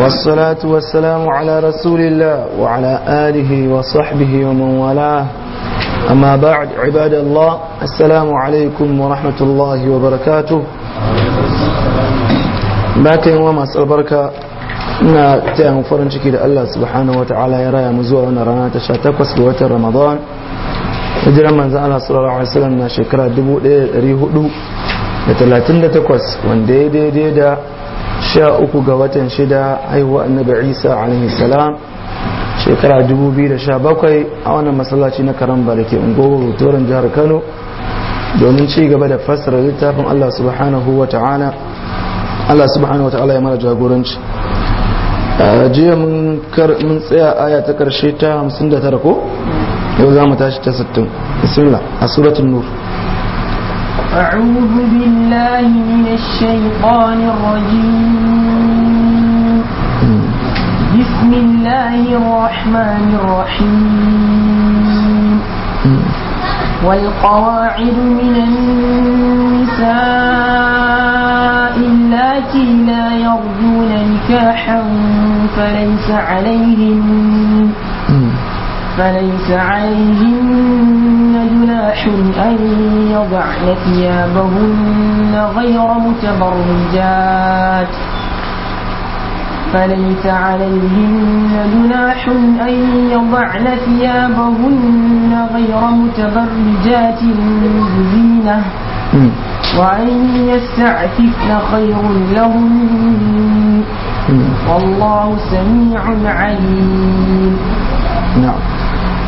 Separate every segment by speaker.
Speaker 1: والصلاة والسلام على رسول الله وعلى آله وصحبه ومن والاه أما بعد عباد الله السلام عليكم ورحمة الله وبركاته باكين وما البركة نا تيام فرن الله سبحانه وتعالى يرى مزوى ونرانا تشاتك وسبوة رمضان ادرى من زال الله صلى الله عليه وسلم شكرا دبو ريهو دو لتلاتين لتكوس دي دي دي, sha uku ga watan shida haihuwa annabi isa alaihi salam shekara 2017 a wannan masallaci na karan da ke ungogo hotoron jihar kano domin ci gaba da fassara littafin allah subhanahu wa ta'ala allah subhanahu wa ta'ala ya mara jagoranci jiya mun tsaya aya ta karshe ta 59 ko yau za mu tashi ta 60 bismillah a suratun nur
Speaker 2: أعوذ بالله من الشيطان الرجيم بسم الله الرحمن الرحيم والقواعد من النساء اللاتي لا يرجون نكاحا فليس عليهن فليس عليهن جناح أن يضعن ثيابهن غير متبرجات فليس عليهن جناح أن يضعن ثيابهن غير متبرجات بزينة وأن يستعففن خير لهن والله سميع عليم
Speaker 1: نعم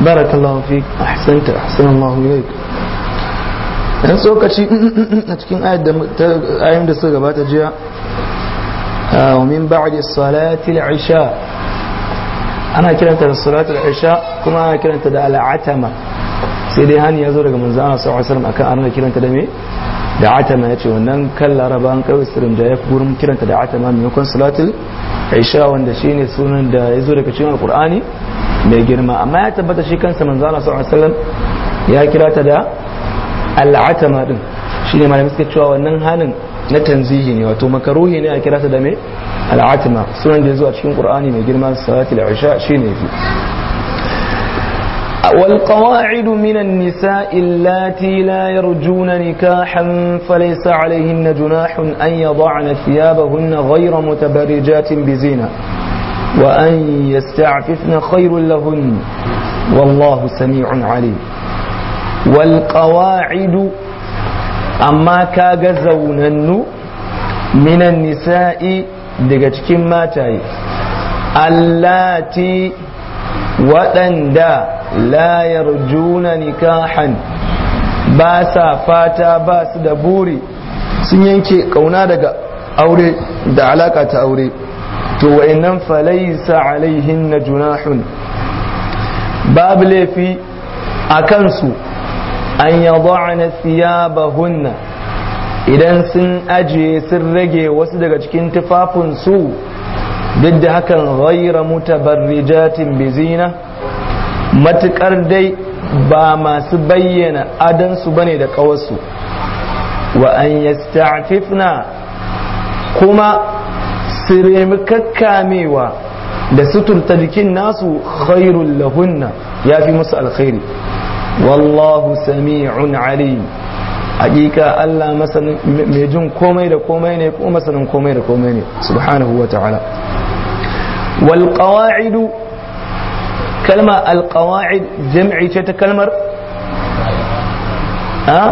Speaker 1: بارك الله فيك أحسنت أحسن الله إليك dan tsokaci mm, mm, mm, a cikin ayin da suka gabata jiya ah, wa min ba'di salati al-isha ana kiranta da salati al-isha kuma ana kiranta da al-atama sai dai hani yazo daga manzo Allah sallallahu alaihi wasallam akan ana kiranta da me da atama yace wannan kan laraba an kawai sirin da yafi gurin kiranta da atama maimakon salati al wanda sunan da zo daga cikin mai girma amma ya tabbata shi kansa manzo Allah sallallahu alaihi wasallam ya kira ta da al-atama din shine malamin suka cewa wannan halin na tanzihi ne wato makaruhi ne a kira ta da me al-atama sunan da yazo a cikin qur'ani mai girma salati al isha shine fi والقواعد من النساء اللاتي لا يرجون نكاحا فليس عليهن جناح أن يضعن ثيابهن غير متبرجات بزينة وأن يستعففن خير لهن والله سميع عليم والقواعد أما كاغزونن من النساء دقتكم ماتاي اللاتي waɗanda la yarjuna nikahan ba sa fata ba su da buri sun yanke ƙauna daga aure da alaƙa ta aure to wa'annan falaisa alaihin na junahun babu laifi a kansu an ba-hunna. idan sun ajiye sun rage wasu daga cikin tufafinsu duk da hakan ghaira mutabarrijatin bizina matuƙar dai ba masu bayyana adansu bane da ƙawarsu. wa an yasta'fifna kuma su remi kakkamewa da suturta jikin nasu khairul lahunna ya fi musu alkhairi wallahu sami'un alim hakika Allah mai jin komai da komai ne kuma masanin komai da komai ne subhanahu wa ta'ala wal qawa'idu kalma al qawa'id jam'i ce ta kalmar ha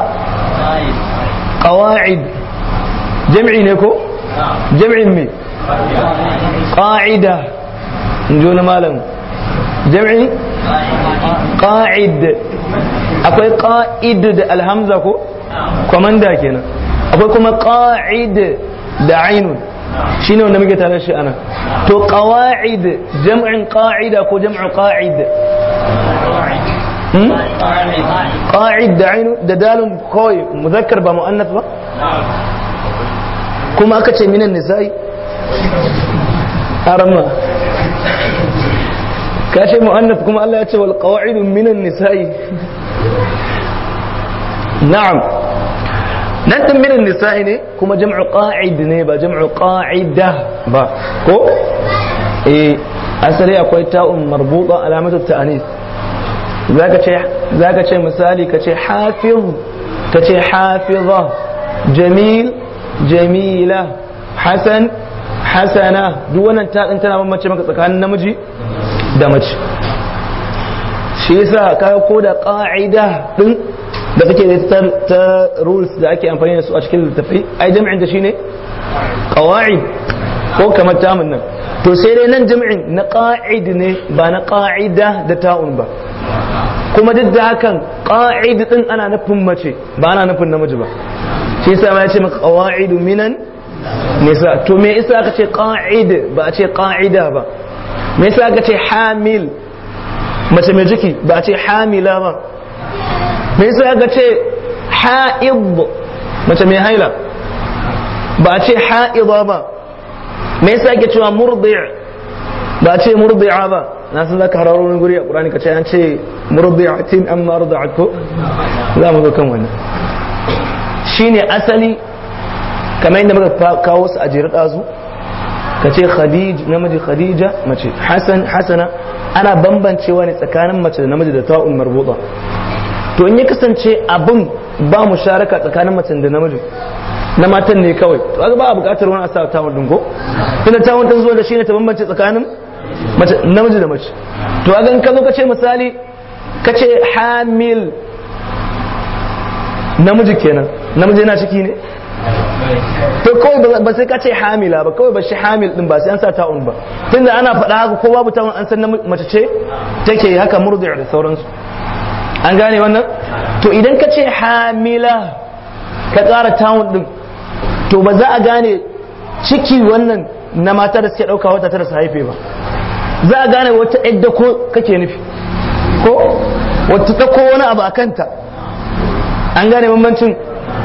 Speaker 1: qawa'id jam'i ne ko jam'in me ƙa'ida in ji wani malam jam'i ƙa'id akwai ƙa'id da alhamza ko kwamanda kenan akwai kuma ƙa'id da ainun shine wanda muke tare shi ana to ƙawa'id jam'in ƙa'ida ko jam'in ƙa'id قاعد دعين ددال خوي مذكر بمؤنث با كما أكتش من النساء arama ka ce mu'annaf kuma Allah ya ce wal qawa'idu minan nisa'i na'am nan din minan nisa'i ne kuma jam'u qa'id ne ba jam'u qa'ida ba ko eh asali akwai ta'un marbuta alamatu ta'anis zaka ce zaka ce misali ka ce hafiz ka ce hafiza jamil jamila hasan hasana duk wannan ta din tana bambance maka tsakanin namiji da mace shi yasa ka ko da qa'ida din da take da ta rules da ake amfani da su a cikin littafi ai jami'in da shine qawa'id ko kamar tamun nan to sai dai nan jami'in na qa'id ne ba na qa'ida da ta'un ba kuma duk da hakan qa'id din ana nufin mace ba ana nufin namiji ba shi yasa ma ya ce maka qawa'idu minan nisa to me isa aka ce qa'id ba a ce qa'ida ba me isa aka ce hamil mace mai jiki ba a ce hamila ba me isa aka ce ha'id mace mai haila ba a ce ha'ida ba me yasa ake cewa murdi' ba a ce murdi'a ba na san zaka hararo wani guri a Qur'ani ka ce an ce murdi'atin amma arda'at za mu ga kan wannan shine asali kamar inda muka kawo su a jere ɗazu ka ce namiji khadija mace hasan hasana ana bambancewa ne tsakanin mace da namiji da ta Umar marbuta to in ya kasance abin ba mu sharaka tsakanin mace da namiji na matan ne kawai to aka ba a bukatar wani asa tawon dingo tunda tawon ta zuwa da shi ne ta bambance tsakanin mace namiji da mace to a gan ka zo ka ce misali ka ce hamil namiji kenan namiji yana ciki ne to kawai ba sai ka ce hamila ba kawai ba shi hamil din ba sai an sa ta'un ba tunda ana faɗa haka ko babu ta'un an san na mace ce take haka murdi da sauransu an gane wannan to idan ka ce hamila ka ƙara ta'un din to ba za a gane ciki wannan na mata da suke ɗauka wata tara su haife ba za a gane wata yadda ko kake nufi ko wata ko wani abu a kanta an gane bambancin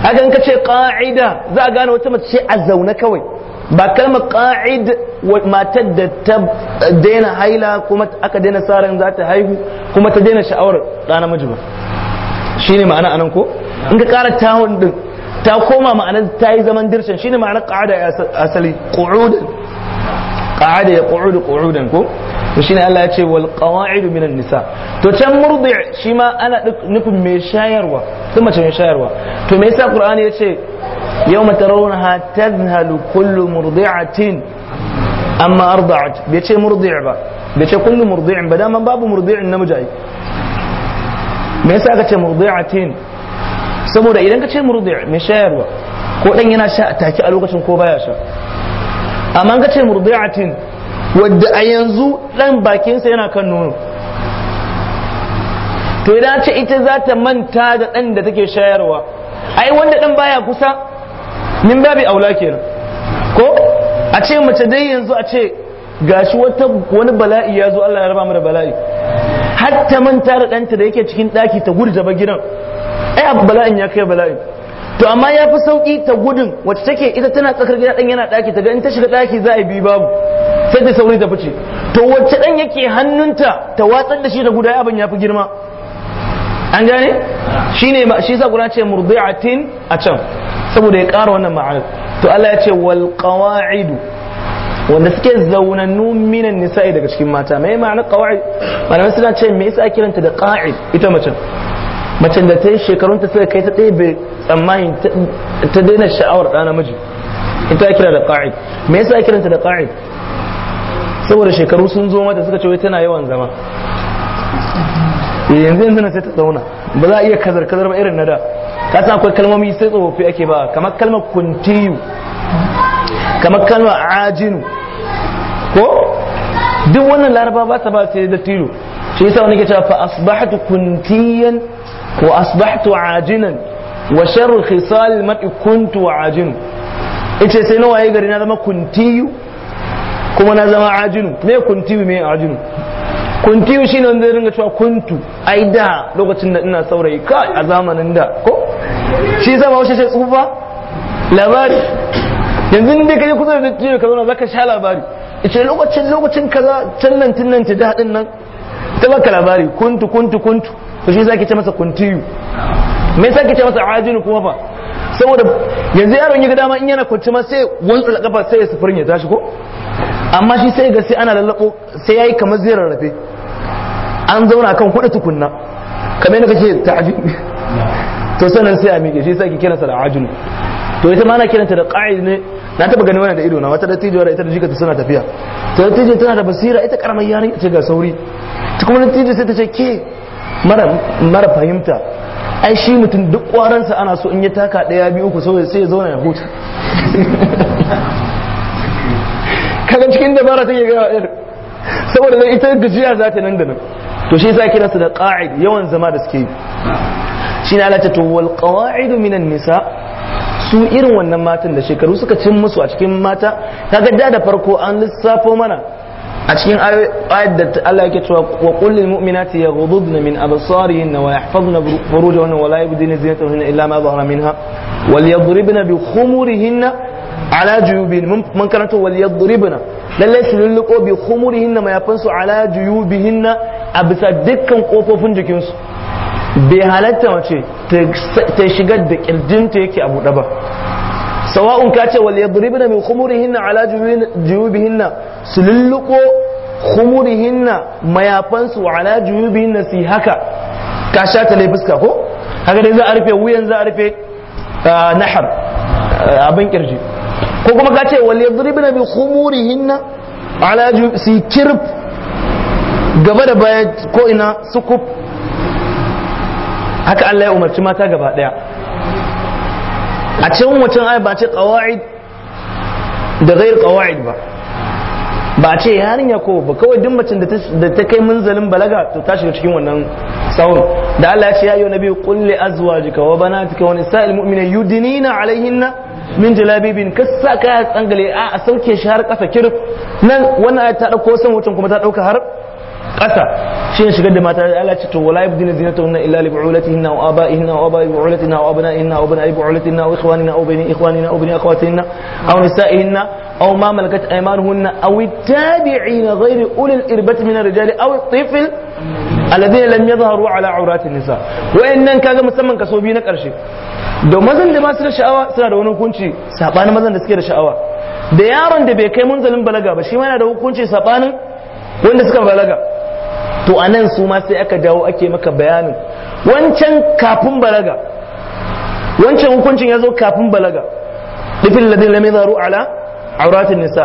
Speaker 1: haka in ka ce ƙa'ida za a gane wata mace ce a zaune kawai ba kalmar ƙa'id matar da ta daina haila kuma aka daina tsarin za ta haihu kuma ta daina sha'awar da namiji ba shine ma'ana anan ko in ka ƙara tawon din ta koma ma'anar ta yi zaman dirshan shine ma'anar ƙa'ada asali qu'udan qa'ada ya qu'udu qu'udan ko to shine Allah ya ce wal qawa'id minan nisa to can murdi shi ma ana nufin mai shayarwa duk mace mai shayarwa to me yasa Qur'ani ya ce yawma tarawunaha tadhhalu kullu murdi'atin amma arda'at bai ce murdi' ba bai ce kullu murdi'in ba dama babu murdi'in namiji ai me yasa ka ce murdi'atin saboda idan ka ce murdi' mai shayarwa ko dan yana sha a take a lokacin ko baya sha amma ka ce murdi'atin wadda a yanzu dan bakinsa yana kan nono to idan ce ita za ta manta da dan da take shayarwa ai wanda dan baya kusa min babi aula kenan ko a ce mace dai yanzu a ce gashi wata wani bala'i ya zo Allah ya raba mu da bala'i har ta manta da danta da yake cikin daki ta gurje ba gidan ai abu bala'in ya kai bala'i to amma ya fi sauki ta gudun wacce take ita tana tsakar gida ɗan yana daki ta ga in ta shiga daki za a bi babu sai ta sauri ta fice to wacce dan yake hannunta ta watsar da shi da guda abin ya fi girma an gane shi ne shi yasa ce murdi'atin a can saboda ya ƙara wannan ma'anar to Allah ya ce wal qawa'idu wanda suke zaunannu minan nisa'i daga cikin mata mai ma'anar qawa'id malamai suna ce me yasa kiranta da qa'id ita mace macin da ta yi shekarunta sai kai ta bai tsammani ta daina sha'awar ɗa namiji ita ya kira da ƙa'id me yasa ya kiranta da ƙa'id saboda shekaru sun zo mata suka ce wai tana yawan zama eh, yanzu yanzu na sai ta zauna ba za a iya kazar kazar ba irin na da ka san akwai kalmomi sai tsofaffi ake ba kamar kalmar kuntiyu kamar kalmar ajinu ko duk wannan laraba ba ta ba sai da tilo shi yasa wani ke cewa fa asbahatu kuntiyan wa عاجنا وشر خصال المرء كنت عاجن إيش sai أي غير gari na كما kuntiyu kuma na zama ما me kuntiyu shi ne wanda ringa cewa kuntu ai da lokacin da ina saurayi kai a zamanin da ko shi zama wace tsufa labari yanzu inda kai kusa da tiyo ka zauna zaka sha labari ita lokacin lokacin kaza can nan tun nan ta nan ta baka labari kuntu kuntu kuntu to shi zaki ce masa kuntiyu me yasa kike masa ajinu kuma fa saboda yanzu yaron ya ga dama in yana kwanci ma sai da kafa sai ya sufurin ya tashi ko amma shi sai ga sai ana lallabo sai yayi kamar zai rarrafe an zauna kan kuɗi tukunna kamar yadda ta ta'ajin to sanan sai a miƙe shi yasa ki kira sa da ajinu to ita ma ana kiranta da qa'id ne na taba gani wannan da ido na wata dattijuwar ita da jikata suna tafiya ta dattijuwar tana da basira ita karamar yarinya ce ga sauri ta kuma dattijuwar sai ta ce ke mara fahimta ai shi mutum duk kwaransa ana so in ya taka daya biyu uku sai ya zauna ya huta kaga cikin dabara take ga yar saboda zai ita gajiya za ta nan da nan to shi sa kira su da qa'id yawan zama da suke yi na ala ta tuwal qawa'id minan nisa su irin wannan matan da shekaru suka cin musu a cikin mata ta gadda da farko an lissafo mana a cikin ayat da Allah yake cewa wa qul lil mu'minati yaghuddna min absarihin wa yahfazna furujahunna wa la yubdina zinatahunna illa ma dhahara minha wal yadribna bi khumurihinna ala juyubin mun karanta wal yadribna lalle su lulluko bi khumurihinna mayafansu ala juyubihinna a bisa dukkan kofofin jikinsu bai halatta mace ta shiga da kirjinta yake a buɗe ba sawa'un ka ce wal mai min khumurihinna ala jubihinna su lulluko khumurihinna mayafansu ala jubihinna su yi haka ka sha ta fuska ko haka dai za a rufe wuyan za a rufe nahar abin kirji ko kuma ka ce wal mai bi khumurihinna ala jubi su kirf gaba da baya ko ina su sukuf haka Allah ya umarci mata gaba daya a cikin wancan aya ba ce qawaid da ghair qawaid ba ba ce yarinya ko ba kawai duk macin da ta kai munzalin balaga to ta shiga cikin wannan sawun da Allah ya ce ya yi nabi qul li azwajika wa banatika wa nisa'il mu'mina yudinina alaihinna min jalabibin kassa ka tsangale a sauke shi har kasa kirf nan wannan ta dauko san wucin kuma ta dauka har ƙasa shi ne shigar da mata da Allah ce to wala yabdina zinatahunna illa li bu'ulatihinna wa aba'ihinna wa aba'i bu'ulatihinna wa abna'ihinna wa abna'i bu'ulatihinna wa ikhwanina wa bani ikhwanina wa bani akhawatihinna aw nisa'ihinna aw ma malakat aymanuhunna aw ittabi'ina ghayri ulil irbati min ar-rijali aw at-tifl alladhina lam yadhharu ala awrati nisa nan kaga musamman kaso biyu na karshe da mazan da masu da sha'awa suna da wani hukunci sabanin mazan da suke da sha'awa da yaron da bai kai munzalin balaga ba shi ma yana da hukunci sabanin wanda suka balaga to a nan su ma sai aka dawo ake maka bayanin wancan kafin balaga wancan hukuncin ya zo kafin balaga ɗifin ladin lamai zaru ala auratin nisa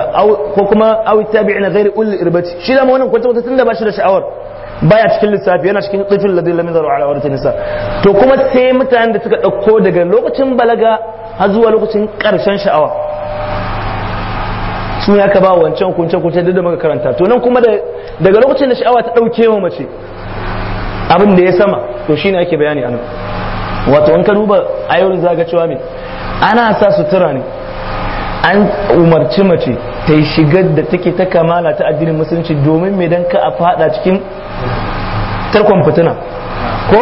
Speaker 1: ko kuma awi tabi'ina ghairi ulil irbati shi da wannan wata tun da ba shi da sha'awar baya cikin lissafi yana cikin tsifin ladin lamin zaro ala wadatin nisa to kuma sai mutanen da suka ɗauko daga lokacin balaga har zuwa lokacin ƙarshen sha'awa sun ya ka ba wancan kunce kunce duk da muka karanta to nan kuma daga lokacin da sha'awa ta dauke wa mace abin da ya sama to shine ake bayani anan wato an ka duba ayoyin zaga cewa me ana sa sutura ne an umarci mace ta shigar da take ta kamala ta addinin musulunci domin mai dan ka a fada cikin tarkon fitina ko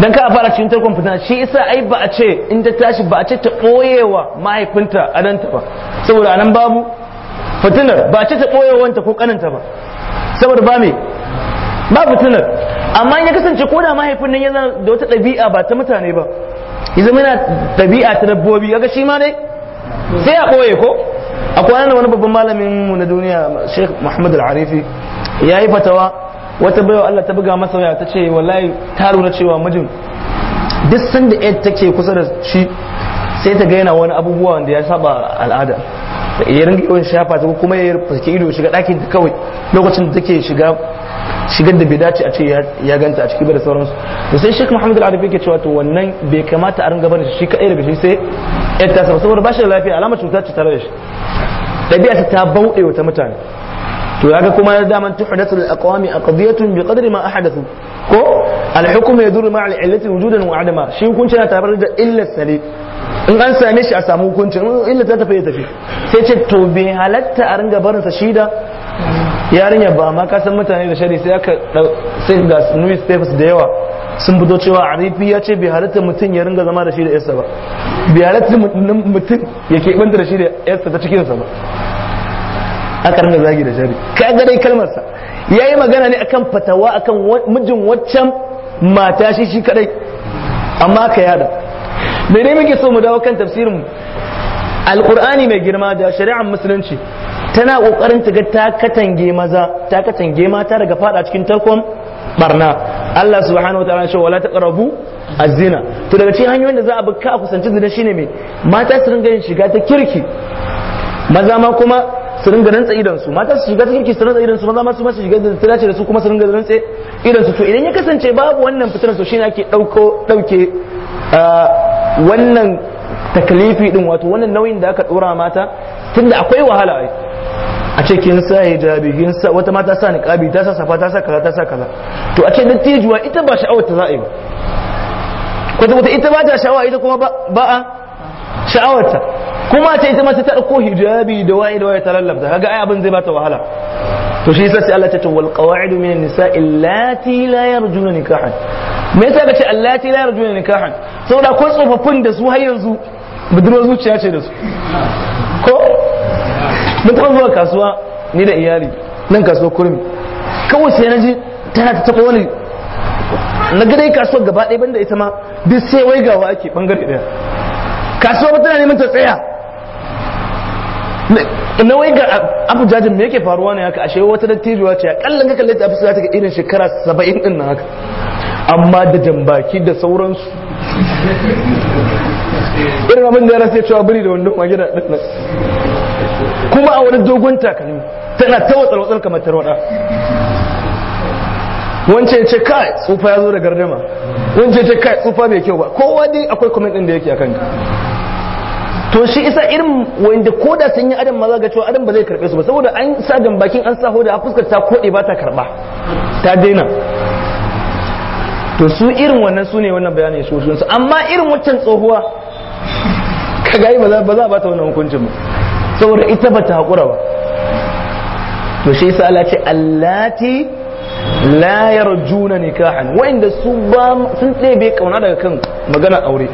Speaker 1: dan ka a fara cikin tarkon fitina shi isa ai ba a ce in ta tashi ba a ce ta ɓoyewa mahaifinta a ta ba saboda anan babu fitinar ba a ce ta wanta ko kananta ba saboda ba me ba fitinar amma in ya kasance ko da mahaifin nan yana da wata ɗabi'a ba ta mutane ba ya zama ɗabi'a ta dabbobi kaga shi ma dai sai a boye ko Akwai wani babban malamin mu na duniya Sheikh Muhammad Al-Arifi ya yi fatawa wata baiwa Allah ta buga masa waya ta ce wallahi ta lura cewa mijin duk sanda ed take kusa da shi sai ta ga yana wani abubuwa wanda ya saba al'ada ya ringa yawan shafa ta kuma ya fuske ido shiga ɗakin ta kawai lokacin da take shiga shigar da bai dace a ce ya ganta a ciki ba da sauransu to sai Sheikh Muhammad Al-Arabi yake cewa to wannan bai kamata a ringa barin shi kaɗai daga shi sai yadda ta saboda ba shi da lafiya alama cuta ce tare da shi ɗabi'a ta bauɗe wata mutane to yaga kuma ya daman lil aqwami aqdiyatun bi qadri ma ahadathu ko al hukmu yaduru ma al illati wujudan wa adama shi hukunci na tabar da illa sali in an same shi a samu hukunci illa ta tafi tafi sai ce to bai halatta a ringa barin sa shida yarinya ba ma kasan mutane da shari sai aka sai ga new steps da yawa sun fito cewa arifi ya ce bai halatta mutum ya ringa zama da shi da yarsa ba bai halatta mutum ya keɓanta da shi da yarsa ta cikinsa ba aka ringa zagi da shari ga dai kalmarsa. Ya yi magana ne akan fatawa akan mijin waccan mata shi shi kadai amma ka yada me dai muke so mu dawo kan tafsirin mu alqur'ani mai girma da shari'ar musulunci tana kokarin ta ga ta katange maza ta katange mata daga fada cikin tarkon barna Allah subhanahu wataala ya ce wala taqrabu az-zina to daga cikin hanyoyin da za a bi ka kusanci zina shine me mata su ringa yin shiga ta kirki maza ma kuma su ringa rantsa idan su mata su shiga cikin ki su rantsa idan su maza su ma su shiga da dace da su kuma su ringa rantsa idan su to idan ya kasance babu wannan fitar to shine ake dauko dauke wannan takalifi din wato wannan nauyin da aka dora mata tunda akwai wahala ai a ce kin sa hijabi kin sa wata mata sa niqabi ta sa safa ta sa kaza ta sa kaza to a ce dattijuwa ita ba sha'awar ta za'a yi ba kwata ita ba ta sha'awa ita kuma ba a sha'awar ta kuma ce ita mace ta ɗauko hijabi da waye da waye ta lallabta kaga ai abin zai bata wahala to shi yasa sai Allah ta ce wal qawaidu min nisa illati la yarjuna nikahan me yasa ka ce allati la yarjuna nikahan saboda akwai tsofaffin da su har yanzu budurwar zuciya ce da su ko mun taɓa zuwa kasuwa ni da iyali nan kasuwa kurmi kawai sai na ji tana ta taɓa wani na ga yi kasuwa gaba ɗaya banda ita ma duk sai waigawa ake bangare ɗaya kasuwa ba tana neman ta tsaya na wai ga abu jajin me yake faruwa ne haka ashe wata dattijuwa ce kallon ga kalle ta fi ta irin shekara 70 din haka amma da jambaki da sauransu irin abin da ya rasa cewa biri da wandon magida din kuma a wani dogon takalmi tana ta watsar watsar kamar tarwada wance ce kai tsufa ya zo da gardama wance ce kai tsufa bai kyau ba kowa dai akwai kwamitin din da yake a ka to shi isa irin wanda ko da sun yi adam maza ga cewa adam ba zai karbe su ba saboda an sa bakin an sa hoda a fuskar ta kode ba ta karba ta daina to su irin wannan su ne wannan bayanin su su amma irin waccan tsohuwa ka yi ba za ba ta wannan hukuncin ba saboda ita ba ta hakura ba to shi isa Allah ce allati la yarjuna nikahan wa'inda su ba sun tsebe kauna daga kan magana aure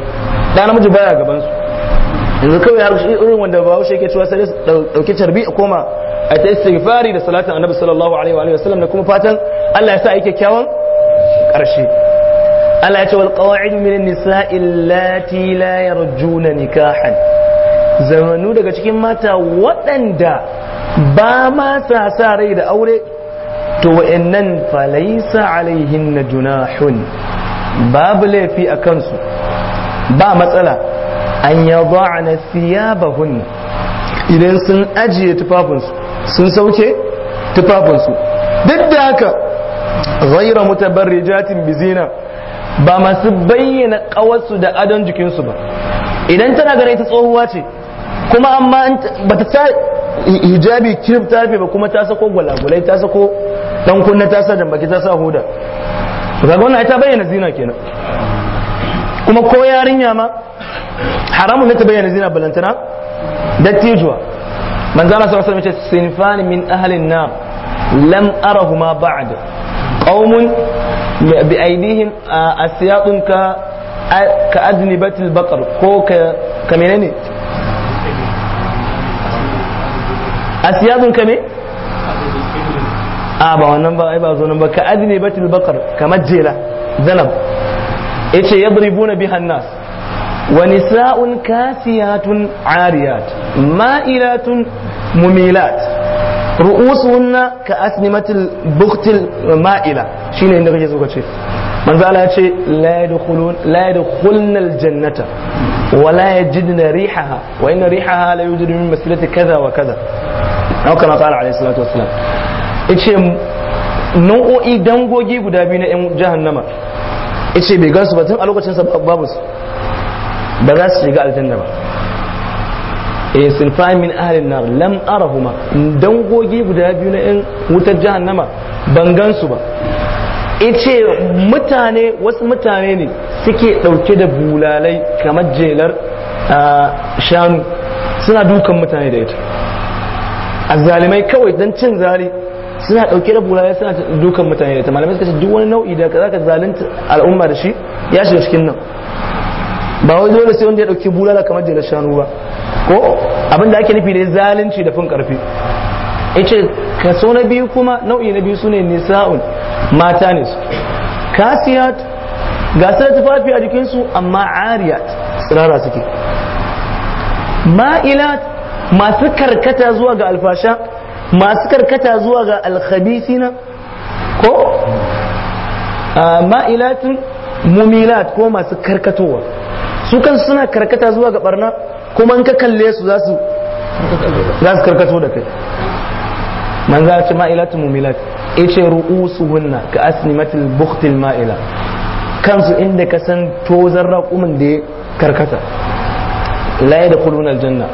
Speaker 1: da namiji baya gaban su yanzu kawai har shi irin wanda ba haushe yake cewa sai dauki tarbi a koma a ta istighfari da salatin annabi sallallahu alaihi wa alihi wasallam da kuma fatan Allah ya sa yake kyawun karshe Allah ya ce wal qawa'id min nisa'i allati la yarjuna nikahan zamanu daga cikin mata waɗanda ba ma sa sa rai da aure to wa'annan laysa alaihin junahun babu laifi a kansu ba matsala an ya ba'ana thiyabahun idan sun ajiye tufafinsu sun sauke tufafinsu duk da haka ghaira mutabarrijatin bizina ba masu bayyana kawarsu da adon jikinsu ba idan tana ganin ta tsohuwa ce kuma amma bata ta hijabi kirif ta ba kuma ta sako gwalagulai ta sako dan kunna ta sa jambaki ta sa huda kaga wannan ta bayyana zina kenan kuma ko yarinya ma haramun ne ta bayyana zina balantana dattijuwa manzo Allah sallallahu alaihi wasallam ce sinfan min ahli an-nar lam arahuma ba'd qaumun bi aydihim asyaqun ka ka adnibat al-baqar ko ka ka menene asyaqun ka me a ba wannan ba ai ba zo nan ba ka adnibat al-baqar kamar jela zanab yace yadribuna biha an-nas wa nisa'un kasiyatun ariyat ma'ilatun mumilat ru'usuhunna ka asnimatil buqtil ma'ila shine inda kake so ka ce manzo Allah yace la yadkhulun la yadkhulna al-jannata wa la yajidna rihaha wa inna rihaha la yujidu min masilati kaza wa kaza aw kama qala alayhi salatu wassalam yace nau'o'i dangogi guda biyu na 'yan jahannama ce bai gansu ba tun a lokacin sa babu su ba za su shiga aljanna ba eh sinfa min ahlin nar lam arahuma dangogi guda biyu na yan wutar jahannama ban gansu ba ice mutane wasu mutane ne suke dauke da bulalai kamar jelar shanu suna dukan mutane da ita a zalimai kawai don cin zari suna ɗauke da bulaya suna dukan mutane da ta malamai suka ce duk wani nau'i da zaka zalunta al'umma da shi ya shiga cikin nan ba wai dole sai wanda ya bula bulala kamar jela shanu ba ko abin ake nufi da zalunci da fin karfi ka kaso na biyu kuma nau'i na biyu su ne nisa'un mata ne su kasiyat ga su da tufafi a jikinsu amma ariyat tsirara suke ma'ilat masu karkata zuwa ga alfasha masu karkata zuwa ga alkhabisina ko ma'ilatun mumilat ko masu karkatowa su kan suna karkata zuwa ga barna kuma in ka kalle su za su karkato da kai man za ce ma'ilatun mumilat ice ru'usuhunna ka asnimatil bukhtil ma'ila kansu inda ka san tozar raƙumin da ya karkata la yadkhuluna aljanna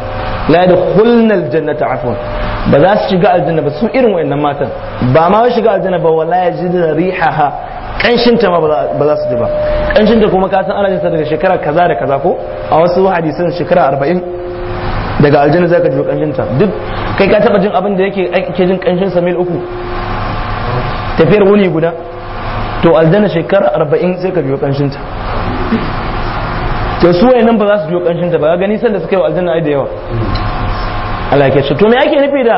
Speaker 1: la yadkhuluna aljannata afwan ba za su shiga aljanna ba su irin wayannan matan ba ma shiga aljanna ba wala yajidu rihaha kanshin ta ma ba za su ji ba kanshin ta kuma ka san ana jinsa daga shekara kaza da kaza ko a wasu hadisan shekara arba'in daga aljanna zaka ji kanshin ta duk kai ka taba jin abin da yake ake jin kanshin sa mil uku tafiyar wuni guda to aljanna shekara arba'in sai ka ji kanshin ta to su wayannan ba za su ji kanshin ta ba ga nisan da suka yi aljanna ai da yawa Allah ke to me ake nufi da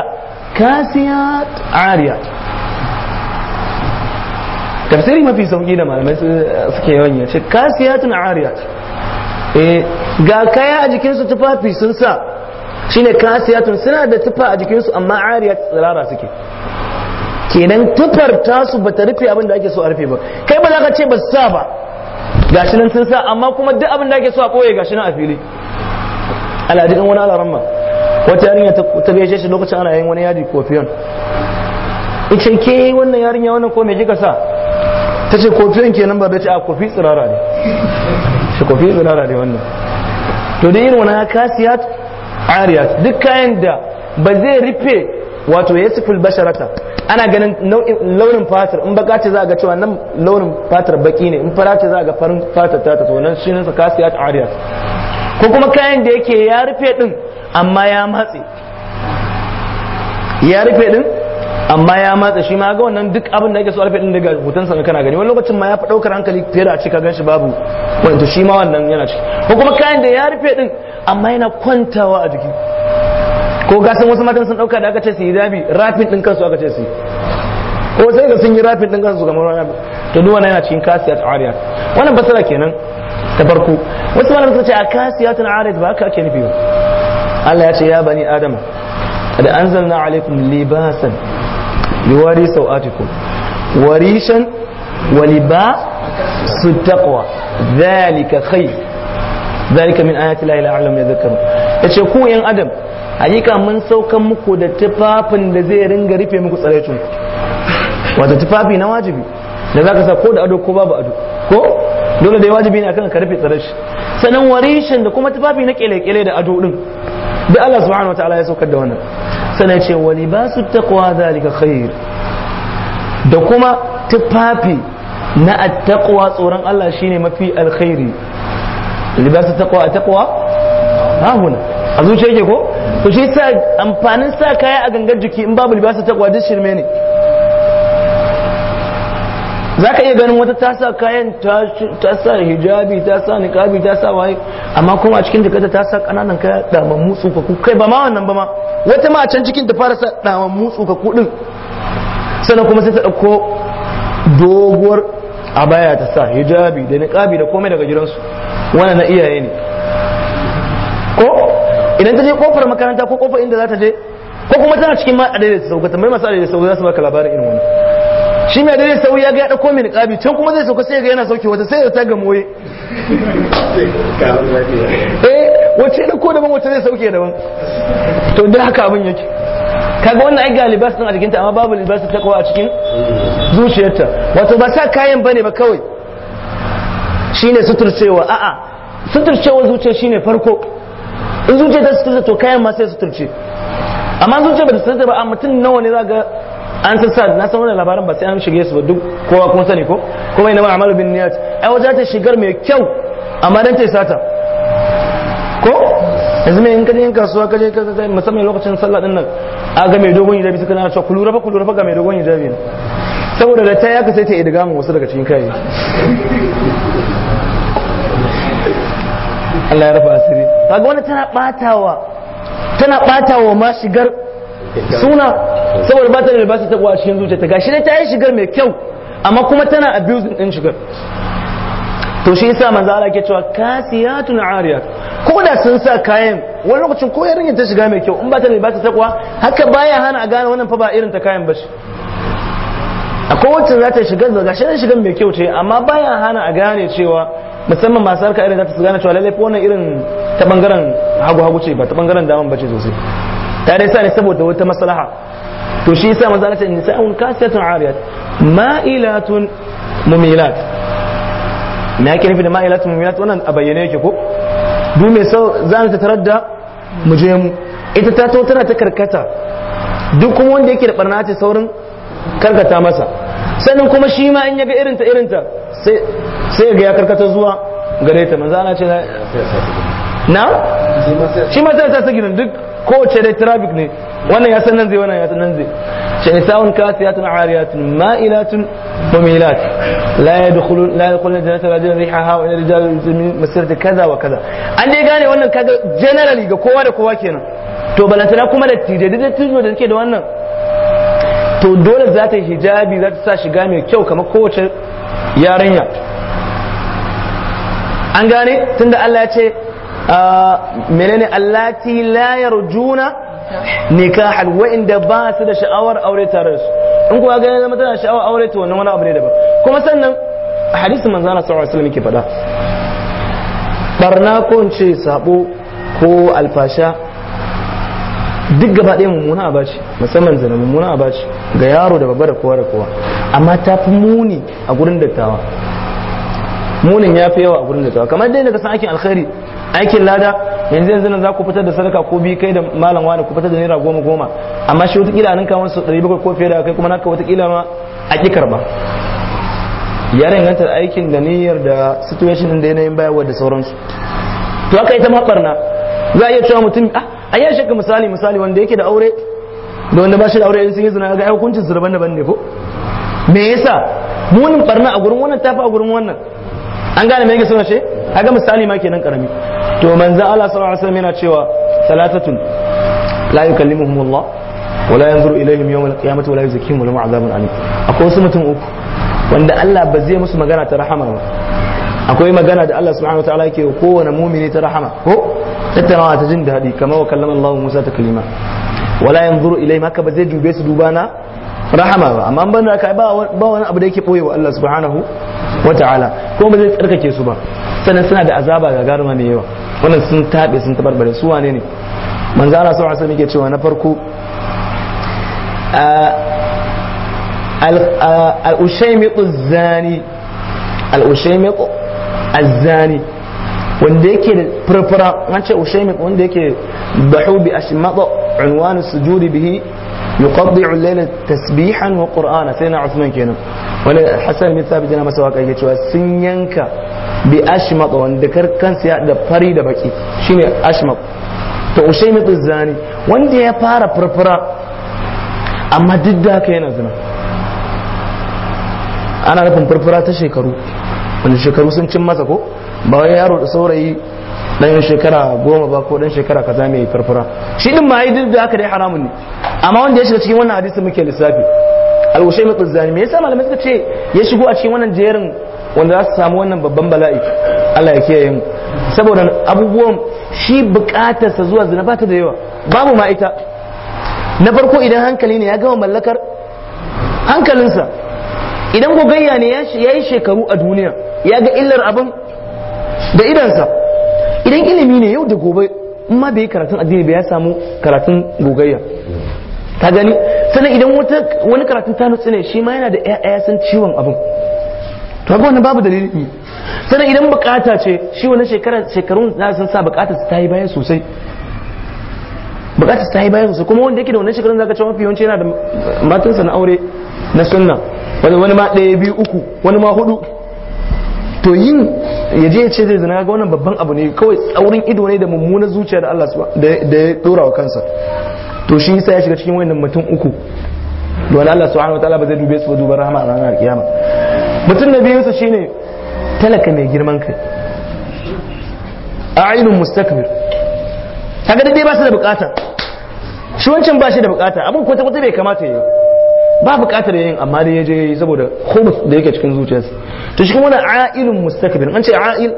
Speaker 1: kasiyat ariyat tafsiri mafi sauki da malamai suke yawan yace ce kasiyatun ariyat eh ga kaya a jikinsu tufafi sun sa shine kasiyatun suna da tufa a jikinsu amma ariyat tsirara suke kenan tufar tasu bata rufe abin da ake so a rufe ba kai ba za ka ce ba su sa ba gashi nan sun sa amma kuma duk abin da ake so a ɓoye gashi nan a fili aladin wani alaran ma wata yarinya ta gaishe shi lokacin ana yin wani yadi kofiyon ita ke wannan yarinya wannan ko me kika sa ta ce kofiyon kenan ba ce a kofi tsirara ne shi kofi tsirara ne wannan to da irin wannan kasiyat ariyat duk kayan da ba zai rufe wato ya sifil basharata ana ganin launin fatar in baka ce za a ga cewa nan launin fatar baki ne in fara ce za ga farin fatar ta ta nan shi ne kasiyat ariyat ko kuma kayan da yake ya rufe din amma ya matse ya rufe din amma ya matse shi ma ga wannan duk abin da ake so rufe din daga hutun sa kana gani wani lokacin ma ya fi daukar hankali fiye da a cika gan ganshi babu wanda shi ma wannan yana ciki ko kuma kayan da ya rufe din amma yana kwantawa a jiki ko gasan wasu matan sun dauka da aka ce su yi zabi rafin din kansu aka ce su yi ko sai da sun yi rafin din kansu kamar wani to duk wannan yana cikin kasiyat ariya wannan basara kenan ta farko wasu malamai sun ce a kasiyatun ariya ba haka ake nufi ba Allah ya ce ya bani adam da anzalna alaikum libasan yuwari sau'atikum warishan wa libasu taqwa dhalika khair dhalika min ayati la ilaha illa Ya ce ku yan adam hakika mun saukan muku da tufafin da zai ringa rufe muku tsaraicin ku wato tufafi na wajibi da zaka sa ko da ado ko babu ado ko dole da wajibi ne akan ka rufe tsare shi sannan warishin da kuma tufafi na kele-kele da ado din da Allah subhanahu wa ta'ala ya saukar da wannan sannan ce wa libasu taqwa zalika khair da kuma tufafi na attaqwa tsoron Allah shine mafi alkhairi libasu taqwa attaqwa ha huna a zuciya yake ko to shi sa amfanin sa kaya a gangar jiki in babu libasu taqwa duk shirme ne za ka iya ganin wata ta sa kayan ta sa hijabi ta sa niqabi ta sa waye amma kuma a cikin jakarta ta sa kananan kaya daman mutsu ka ku kai ba ma wannan ba ma wata ma a can cikin ta fara sa daman mutsu ka kudin sannan kuma sai ta dauko doguwar baya ta sa hijabi da niqabi da komai daga gidansu wannan na iyaye ne ko idan ta je kofar makaranta ko kofar inda za ta je ko kuma tana cikin ma a daidaita sauka tambayi masu a daidaita sauka za su baka labarin irin wani shi mai dare sau ya ga ya dauko ƙabi can kuma zai sauka sai ga yana sauke wata sai da ta ga moye eh wace da ko daban wacce zai sauke daban to da haka abin yake kaga wannan ai ga libas din a jikinta amma babu libas ta takwa a cikin zuciyarta wato ba sa kayan bane ba kawai shine suturcewa a'a suturcewa zuciya shine farko in zuciya ta suturce to kayan ma sai suturce amma zuciya ba ta suturce ba amma tun nawa ne za ga an san sa na san wannan labarin ba sai an shige su ba duk kowa kun sani ko kuma ina ma amalu bin niyyat ai wata ta shigar mai kyau amma dan ta sata ko yanzu mai yanka yanka je kasuwa ka je musamman lokacin sallah din nan a ga mai dogon hijabi suka na cewa ku lura fa ku lura fa ga mai dogon hijabi saboda da ta yaka sai ta idiga mu wasu daga cikin kai Allah ya rafa asiri kaga wani tana batawa tana batawa ma shigar suna saboda ba ta da su ta a cikin ta gashi dai ta yi shigar mai kyau amma kuma tana abusing din shigar to shi yasa manzo Allah ke cewa kasiyatun ariyat ko da sun sa kayan wani lokacin ko yarin ta shiga mai kyau in ba ta ba ta kuwa haka baya hana a gane wannan fa ba irin ta kayan bace akwai wacce za ta shiga da gashi dai shigar mai kyau ce amma baya hana a gane cewa musamman masu harka irin za ta gane cewa lallai wannan irin ta bangaren hagu-hagu ce ba ta bangaren daman bace sosai ta dai sa ne saboda wata maslaha to shi yasa maza ta nisa'un kasatun ariyat ma'ilatun mumilat me yake nufi da ma'ilatun mumilat wannan a bayyane yake ko duk mai sau za ta tarar da mu je mu ita ta to tana ta karkata duk kuma wanda yake da barna ce saurin karkata masa sannan kuma shi ma in yaga irinta irinta sai sai ga ya karkata zuwa gare ta manzo ana ce na shi ma sai ta gina duk ce dai traffic ne wannan ya san nan zai wannan ya san nan zai shaitawun kasiyatun ariyatun ma'ilatun milat la yadkhulu la yadkhulu jannata rajul rihaha wa ila rijal muslimin masirta kaza wa kaza an dai gane wannan kaga generally ga kowa da kowa kenan to balantana kuma da tije da tijo da nake da wannan to dole za ta hijabi za ta sa shiga mai kyau kamar kowace yarinya an gane tunda Allah ya ce menene allati la yarjuna nikahan wa'inda ba su da sha'awar aure tare da su in kuwa ganin zama tana sha'awar aure to wannan wani abu ne daban kuma sannan hadisin manzo Allah sallallahu alaihi wasallam yake faɗa barna ko in ce sabo ko alfasha duk gaba ɗaya mummuna a musamman zana mummuna a ga yaro da babba da kowa da kowa amma ta fi muni a gurin dattawa munin ya fi yawa a gurin dattawa kamar dai daga san aikin alkhairi aikin lada yanzu yanzu nan za ku fitar da sadaka ko bi kai da malam wani ku fitar da naira goma goma amma shi watakila nan kawo su ɗari bakwai ko fiye da kai kuma naka kila ma a ƙi karba ya ranganta aikin da niyyar da situation din da yanayin bayarwa da sauransu to haka ita ma barna za a iya cewa mutum ah a yi shakka misali misali wanda yake da aure da wanda ba shi da aure in sun yi zina ga hukuncin su daban daban ne ko me yasa munin barna a gurin wannan tafi a gurin wannan an gane me yake so ce ga misali ma kenan karami to manzo Allah sallallahu alaihi wasallam yana cewa salatatun la yukallimuhum Allah wa la yanzuru ilaihim yawm al-qiyamati wa la yuzakkihim wa lahum azabun alim akwai wasu mutum uku wanda Allah ba zai musu magana ta rahama ba akwai magana da Allah subhanahu wa ta'ala yake kowane mumini ta rahama ko tattaunawa ta jin daɗi kamar wa kallama Allah Musa ta kalima wala yanzuru ilaihim haka ba zai dube su duba na rahama ba amma ban da ba wani abu da yake boyewa Allah subhanahu wa ta'ala kuma ba zai tsarkake su ba sannan suna da azaba gagaruma mai yawa wannan sun tabe sun tabarbare su wane ne manzo Allah sallallahu alaihi wasallam yake cewa na farko ah, al ah, ushaymiqu zani al ushaymiqu azani wanda yake da furfura an ce ushaymiq wanda yake dahu bi ashmata unwan sujudi bihi yuqaddi'u al-layla tasbihan wa qur'ana sayna usman kenan wani hasan bin Thabit yana masa waka yake cewa sun yanka bi ashmaq wanda kansa ya da fari da baki shine ashmaq to ushaymitu zani wanda ya fara furfura amma duk da haka yana zina ana nufin furfura ta shekaru wanda shekaru sun cin masa ko ba wai yaro da saurayi dan shekara goma ba ko dan shekara kaza mai furfura shi din ma duk da haka dai haramun ne amma wanda ya shiga cikin wannan hadisi muke lissafi al-ushaymitu zani me yasa malamai suka ce ya shigo a cikin wannan jerin wanda za su samu wannan babban bala'i Allah ya kiyaye mu saboda abubuwan shi sa zuwa zina bata da yawa babu ma ita na farko idan hankali ne ya gama mallakar hankalinsa idan gogayya ne ya yi shekaru a duniya ya ga illar abin da idansa idan ilimi ne yau da gobe in ma bai karatun addini ba ya samu karatun gogayya ta gani sannan idan wani karatun ta nutsu ne shi ma yana da 'ya'ya sun ciwon abin to ga wannan babu dalili sannan idan bukata ce shi wannan shekarar shekarun za su sa bukatar ta yi baya sosai bukatar ta yi baya sosai kuma wanda yake da wannan shekarun zaka ce mafi yawanci yana da matansa na aure na sunna wani wani ma ɗaya biyu uku wani ma hudu to yin ya je ya ce zai zana ga wannan babban abu ne kawai tsaurin ido ne da mummunar zuciya da Allah da ya dora wa kansa to shi yasa ya shiga cikin wayannan mutum uku don Allah subhanahu wataala ba zai dube su ba duban rahama a ranar kiyama mutum na biyunsa shine talaka mai girman kai a'inun mustakbir kaga dai ba su da bukata shi wancan ba shi da bukata abin kwata kwata bai kamata yi ba bukatar yin amma dai je yi saboda hobus da yake cikin zuciyarsa to shi kuma wannan ainihin mustakbir an ce a'il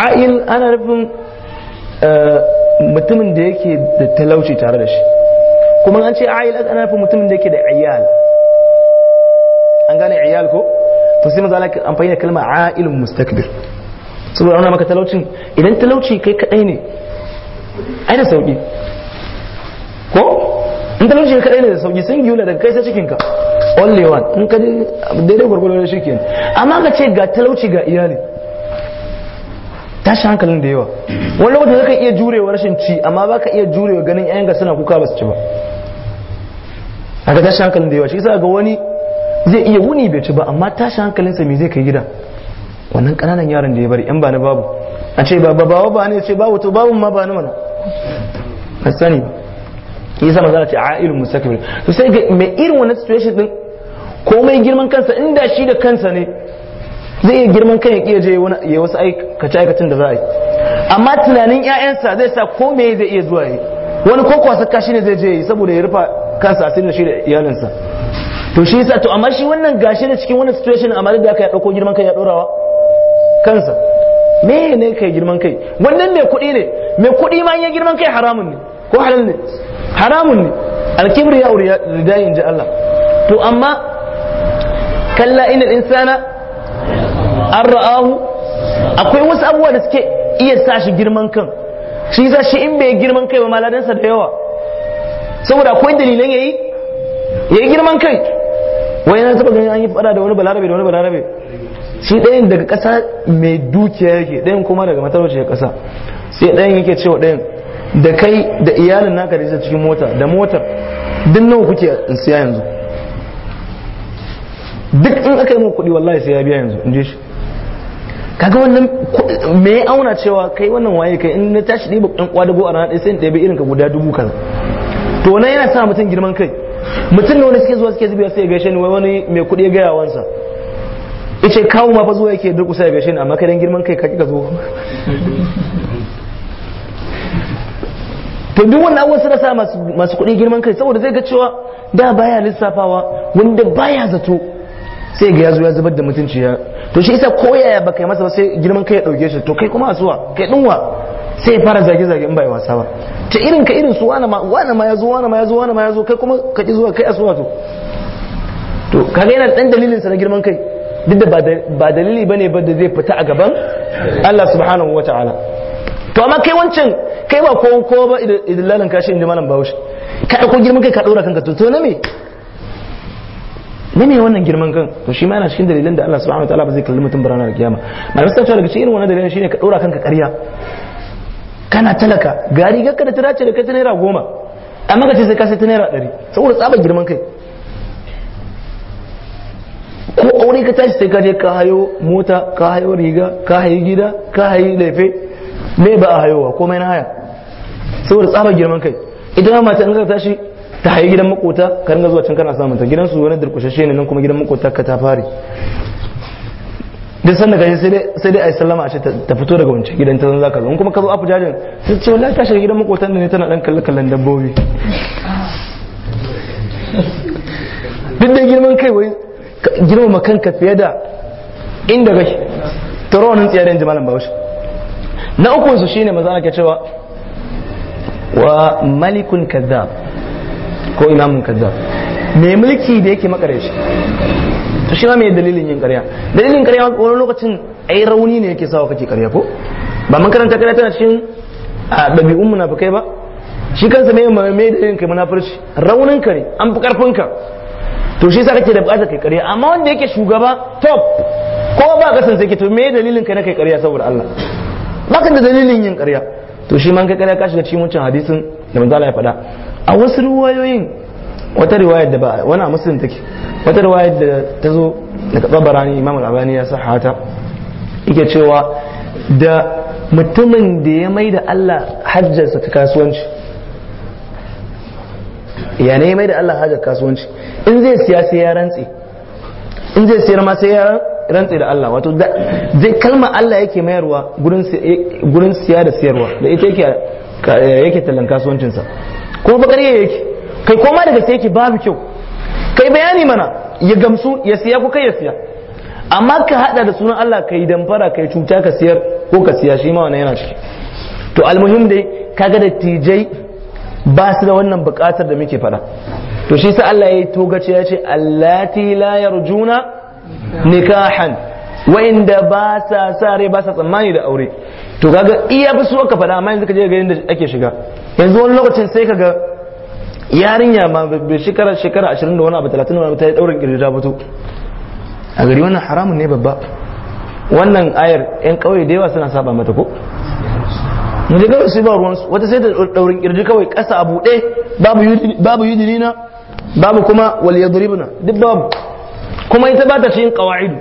Speaker 1: a'il ana nufin eh, mutumin da yake da talauci tare da shi kuma an ce a'il ana nufin mutumin da yake da iyal an gane iyal ko to sai maza laka amfani da kalma ailun mustakbir saboda ana maka talaucin idan talauci kai kadai ne ai da sauki ko in talauci kai kadai ne da sauki sun giyula daga kai sai cikin ka only one in ka daidai gwargwado da shikenan amma ka ce ga talauci ga iyali tashi hankalin da yawa wani lokacin zaka iya jurewa rashin ci amma baka iya jurewa ganin yayan ga suna kuka ba su ci ba haka tashi hankalin da yawa shi yasa ga wani zai iya wuni bai ci ba amma tashi hankalinsa me zai kai gida wannan kananan yaron da ya bari yan ba na babu a ce ba ba bawo ba ne ce babu to babu ma ba na mana a sani yi sama za ce irin mustakbir to sai ga mai irin wani situation din mai girman kansa inda shi da kansa ne zai iya girman kan ya iya je ya wasu aikace aikacin da za a yi amma tunanin 'ya'yansa zai sa ko mai zai iya zuwa yi wani ko kwasa kashi ne zai je yi saboda ya rufa kansa asirin shi da iyalinsa to shi yasa to amma shi wannan gashi da cikin wannan situation amma da aka ya dauko girman kai ya dorawa kansa me ne kai girman kai wannan ne kuɗi ne me kuɗi ma ya girman kai haramun ne ko halal ne haramun ne alkibri ya uriya da ji Allah to amma kalla inal insana an akwai wasu abubuwa da suke iya sa shi girman kan shi yasa shi in bai girman kai ba maladansa da yawa saboda akwai dalilan yayi yayi girman kai wai na taba ganin an yi fada da wani balarabe da wani balarabe shi ɗayan daga ƙasa mai dukiya yake ɗayan kuma daga matarwacin ƙasa sai ɗayan yake cewa ɗayan da kai da iyalin naka da cikin mota da motar duk nawa kuke in siya yanzu duk in aka yi mu kuɗi wallahi sai ya biya yanzu in ji shi kaga wannan me ya auna cewa kai wannan waye kai in na tashi ɗiba ɗan kwadago a rana ɗaya sai in ɗebe irin ka guda dubu kaza to wannan yana sa mutum girman kai mutum ne wani suke zuwa suke zubewa sai gaishe ni wani mai kuɗi gaya wansa yace kawo ma fa zuwa yake durƙusa ya gaishe ni amma kai girman kai ka kika zo to duk wannan abubuwan suna sa masu kuɗi girman kai saboda zai ga cewa da baya lissafawa wanda baya zato sai ga yazo ya zubar da mutunci ya to shi isa ko yaya baka yi masa ba sai girman kai ya dauke shi to kai kuma asuwa kai dinwa sai ya fara zage zage in bai wasa ba ta irin ka irin su wane ma ya zo wane ma ya zo wane ma zo kai kuma ka ƙi zuwa kai suwa to to kaga yana ɗan dalilin sa na girman kai duk da ba dalili ba ne ba da zai fita a gaban Allah subhanahu ta'ala to amma kai wancan kai ba kowa kowa ba idillalan kashi inda malam bahaushe ka dauko girman kai ka ɗora kanka to to na me wannan girman kan to shi ma yana cikin dalilan da Allah subhanahu ta'ala ba zai kalli mutum da kiyama malamai suka cewa daga cikin irin wannan dalilin shine ka ɗora kanka ƙarya kana talaka ga rigar ka da tira ce da kai ta naira goma amma ka ce sai ka sai ta naira ɗari saboda tsaba girman kai ko aure ka tashi sai ka je ka hayo mota ka hayo riga ka hayi gida ka hayi laife me ba a hayowa komai na haya saboda tsaba girman kai ita ma mata in ka tashi ta hayi gidan makota ka ringa zuwa can kana samunta ta gidan su wani durkushashe ne nan kuma gidan makota ka ta fare duk sanda kaje sai dai a yi sallama a ce ta fito daga wancan gidan ta zan za zo kuma ka zo abu jajin sai ce wallahi ta shiga gidan makotan da ne tana dan kalli kallon dabbobi duk da girman kai wai girmama kanka fiye da inda gashi ta rawanin tsiyar yanzu malam bahaushe na uku su shine maza ake cewa wa malikun kazzab ko imamun kazzab mai mulki da yake makarashi to shi ma mai dalilin yin karya dalilin karya wani lokacin ai rauni ne yake sawa kake karya ko ba mun karanta karya tana cikin ɗabi'un munafukai ba shi kansa mai mai dalilin kai munafurci raunin ka ne an fi karfin ka to shi sa kake da bukatar kai karya amma wanda yake shugaba top ko ba ka san sai ke to mai dalilin kai na kai karya saboda Allah baka da dalilin yin karya to shi man kai karya ka shiga cikin wancan hadisin da manzo Allah ya faɗa a wasu ruwayoyin wata riwayar da ba wani a musulun take wata riwayar da ta zo da daga tsabarani imam al ya saha ta yake cewa da mutumin da ya mai da Allah hajjarsa ta kasuwanci ya ne ya mai da Allah hajjar kasuwanci in zai siya sai ya rantse in zai siyar ma sai ya rantse da Allah wato zai kalma Allah yake mayarwa gurin siya da siyarwa da ita yake tallan kasuwancinsa kuma bakar yake kai koma daga sai yake babu kyau kai bayani mana ya gamsu ya siya ko kai ya siya amma ka hada da sunan Allah kai damfara kai cuta ka siyar ko ka siya shi ma wannan yana ciki to almuhim dai kaga da tijai ba su da wannan bukatar da muke fada to shi sa Allah ya yi togace ya ce allati la yarjuna
Speaker 2: nikahan
Speaker 1: wa'inda ba sa sa rai ba sa tsammani da aure to kaga iya su ka fada amma yanzu ka je ga yanda ake shiga yanzu wani lokacin sai kaga yarinya ma bai shekara shekara ashirin da wani abu talatin da wani abu ta yi daurin ƙirji ta fito a gari wannan haramun ne babba wannan ayar yan ƙauye da yawa suna saba mata ko mu je su ba ruwan su wata sai da daurin kirji kawai ƙasa a buɗe babu yudinina babu kuma wal yadribna duk babu kuma ita ba ta cikin qawaid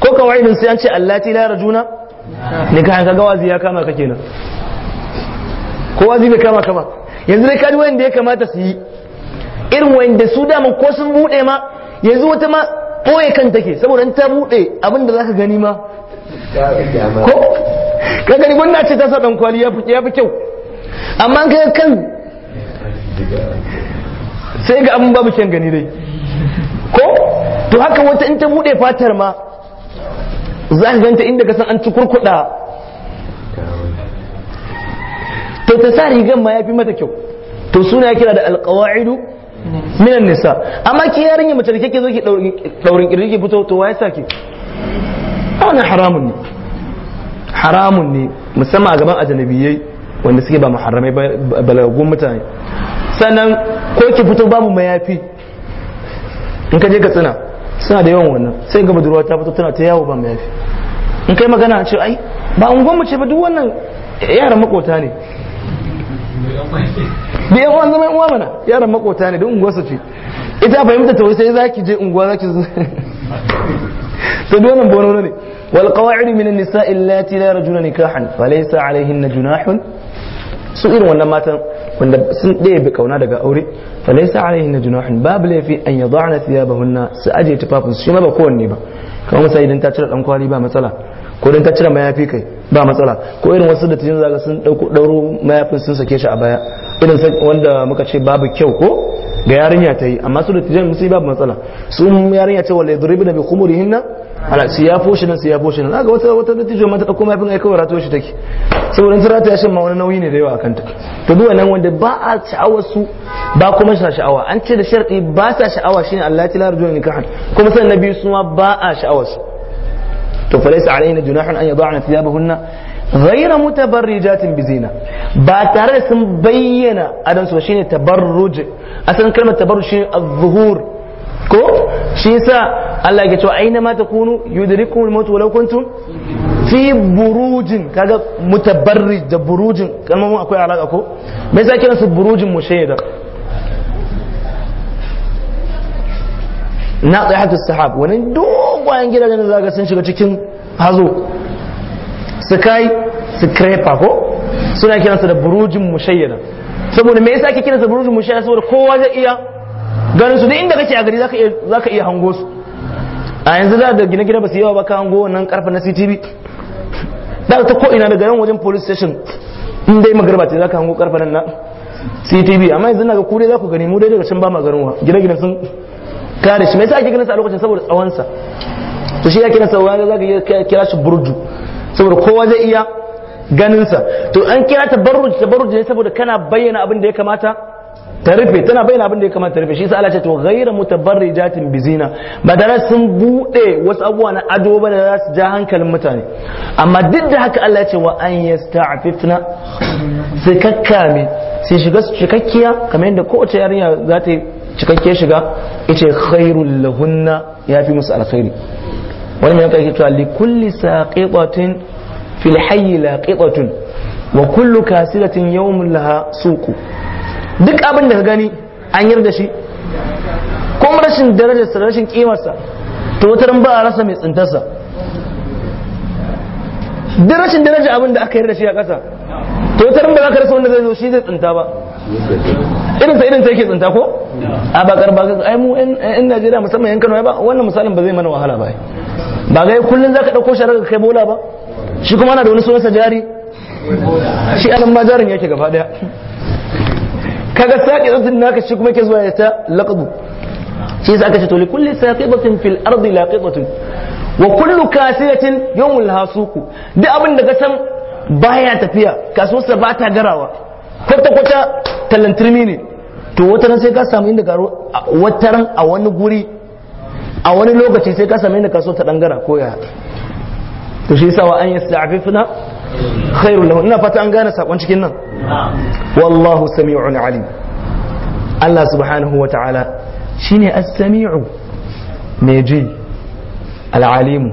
Speaker 1: ko qawaidin sai an ce allati la rajuna ne ka ga wazi ya kama ka kenan ko wazi bai kama ka ba yanzu dai kaji wanda ya kamata su yi irin wanda su dama ko sun bude ma yanzu wata ma ɓoye kan take saboda ta bude abin da zaka gani ma ko ka gani gwamna ce ta sa dan kwali ya fi kyau amma ka kan sai ga abin babu kyan gani dai ko to haka wata in ta bude fatar ma za ka ganta inda ka san an ci kurkuda to ta sa rigan ma yafi mata kyau to suna kira da alqawaidu minan nisa amma ki yarinya mace da kake zo ki daurin kirki ki fito to waye saki wannan haramun ne haramun ne musamman a gaban ajnabiyai wanda suke ba muharramai balagun mutane sannan ko ki fito babu mayafi in ka je ka tsina suna da yawan wannan sai ga budurwa ta fito tana ta yawo ba mayafi in kai magana ce ai ba ungon mu ce ba duk wannan yaran makota ne da yan uwan zama uwa mana yaran makota ne da su ce ita fahimta ta sai za ki je unguwa za ki ta donan bono ne wal qawa'id min an-nisa illati la yarjuna nikahan falaysa alaihinna junahun su irin wannan matan wanda sun daya bi kauna daga aure na juna junahun babu laifi an yad'ana thiyabahunna su aje tufafin su shi ma ba kowanne ba kamar sai idan ta cire dan kwali ba matsala ko dan ka cire mayafi kai ba matsala ko irin wasu da tijin zaga sun dauko dauro mayafin sun sake shi a baya irin wanda muka ce babu kyau ko ga yarinya ta yi amma su da tijin musu babu matsala su yarinya ce wallahi da bi khumurihinna ala su ya foshi nan su ya foshi nan aga wata wata da tijin mata dauko mayafin ai kawai ratuwa shi take saboda in ta ya shan ma wani nauyi ne da yawa akan ta to duk wannan wanda ba a sha'awa su ba kuma sha sha'awa an ce da sharadi ba sa sha'awa shine Allah ya tilar juwa nikahan kuma sai biyu su ma ba a sha'awa su to falaisa alaihina junahun an yada'na thiyabahunna ghayra mutabarrijatin bizina ba tare da sun bayyana adan su shine tabarruj asan kalmar tabarruj shine az-zuhur ko shi yasa Allah yake cewa aina ma takunu yudrikumul maut walau kuntum fi burujin kaga mutabarrij da burujin kalmomin akwai alaka ko me yasa kiran su burujin mushayyada na tsayatu sahab wani dogon gidajen da zaga sun shiga cikin hazo su kai krepa ko suna kiransa da burujin mushayyada saboda me yasa ake kiransa burujin mushayyada saboda kowa zai iya ganin su da inda kake a gari zaka iya zaka iya hango su a yanzu za da gine-gine ba su yawa ba ka hango wannan karfa na CTV da ta ko ina daga yan wajen police station in dai magarba ce zaka hango karfa nan na CTV amma yanzu na ga kure za ku gani mu dai daga can ba ma garin wa gine-gine sun kare shi me yasa ake ganin sa a lokacin saboda tsawon sa to shi ya kira sa wanda zaka kira shi burdu saboda kowa zai iya ganin sa to an kira ta burju ta burju ne saboda kana bayyana abin da ya kamata ta rufe tana bayyana abin da ya kamata ta rufe shi yasa Allah ya ce to ghayra mutabarrijatin bizina ba da sun bude wasu abubuwa na ado ba da za su ja hankalin mutane amma duk da haka Allah ya ce wa an yasta'fifna sai kakkame sai shiga cikakkiya kamar yadda kowace yarinya za ta yi cikakke shiga yace khairul lahunna yafi musu alkhairi wannan yake cewa li kulli saqiqatin fil hayyi laqiqatun wa kullu kasidatin yawmul laha suqu duk abin da ka gani an yarda shi kuma rashin sa rashin sa to wataran ba a rasa mai tsintarsa duk rashin daraja abin da aka yarda shi a kasa to wata ba za ka rasa wanda zai zo shi zai tsinta ba irin sa irin sa yake tsinta ko a ba karba ga ai mu in Najeriya musamman yan Kano ba wannan misalin ba zai mana wahala ba ba ga kullun zaka dauko sharar ka kai bola ba shi kuma ana da wani sunan sa jari shi anan ma jarin yake gaba daya kaga saki zatin naka shi kuma yake zuwa ya ta laqabu shi yasa aka ce to li kulli saqibatin fil ardi laqibatun wa kullu kasiyatin yawmul hasuku duk abin da ka san baya tafiya sa ba ta garawa kwata-kwata talantirmi ne to wataran sai ka samu inda garo wataran a wani guri a wani lokaci sai ka samu inda ka so ta dangara ko ya to shi yasa an na khairu lahu ina fata an gane sakon cikin nan wallahu sami'un alim Allah subhanahu wa ta'ala shine as-sami'u mai ji al-alimu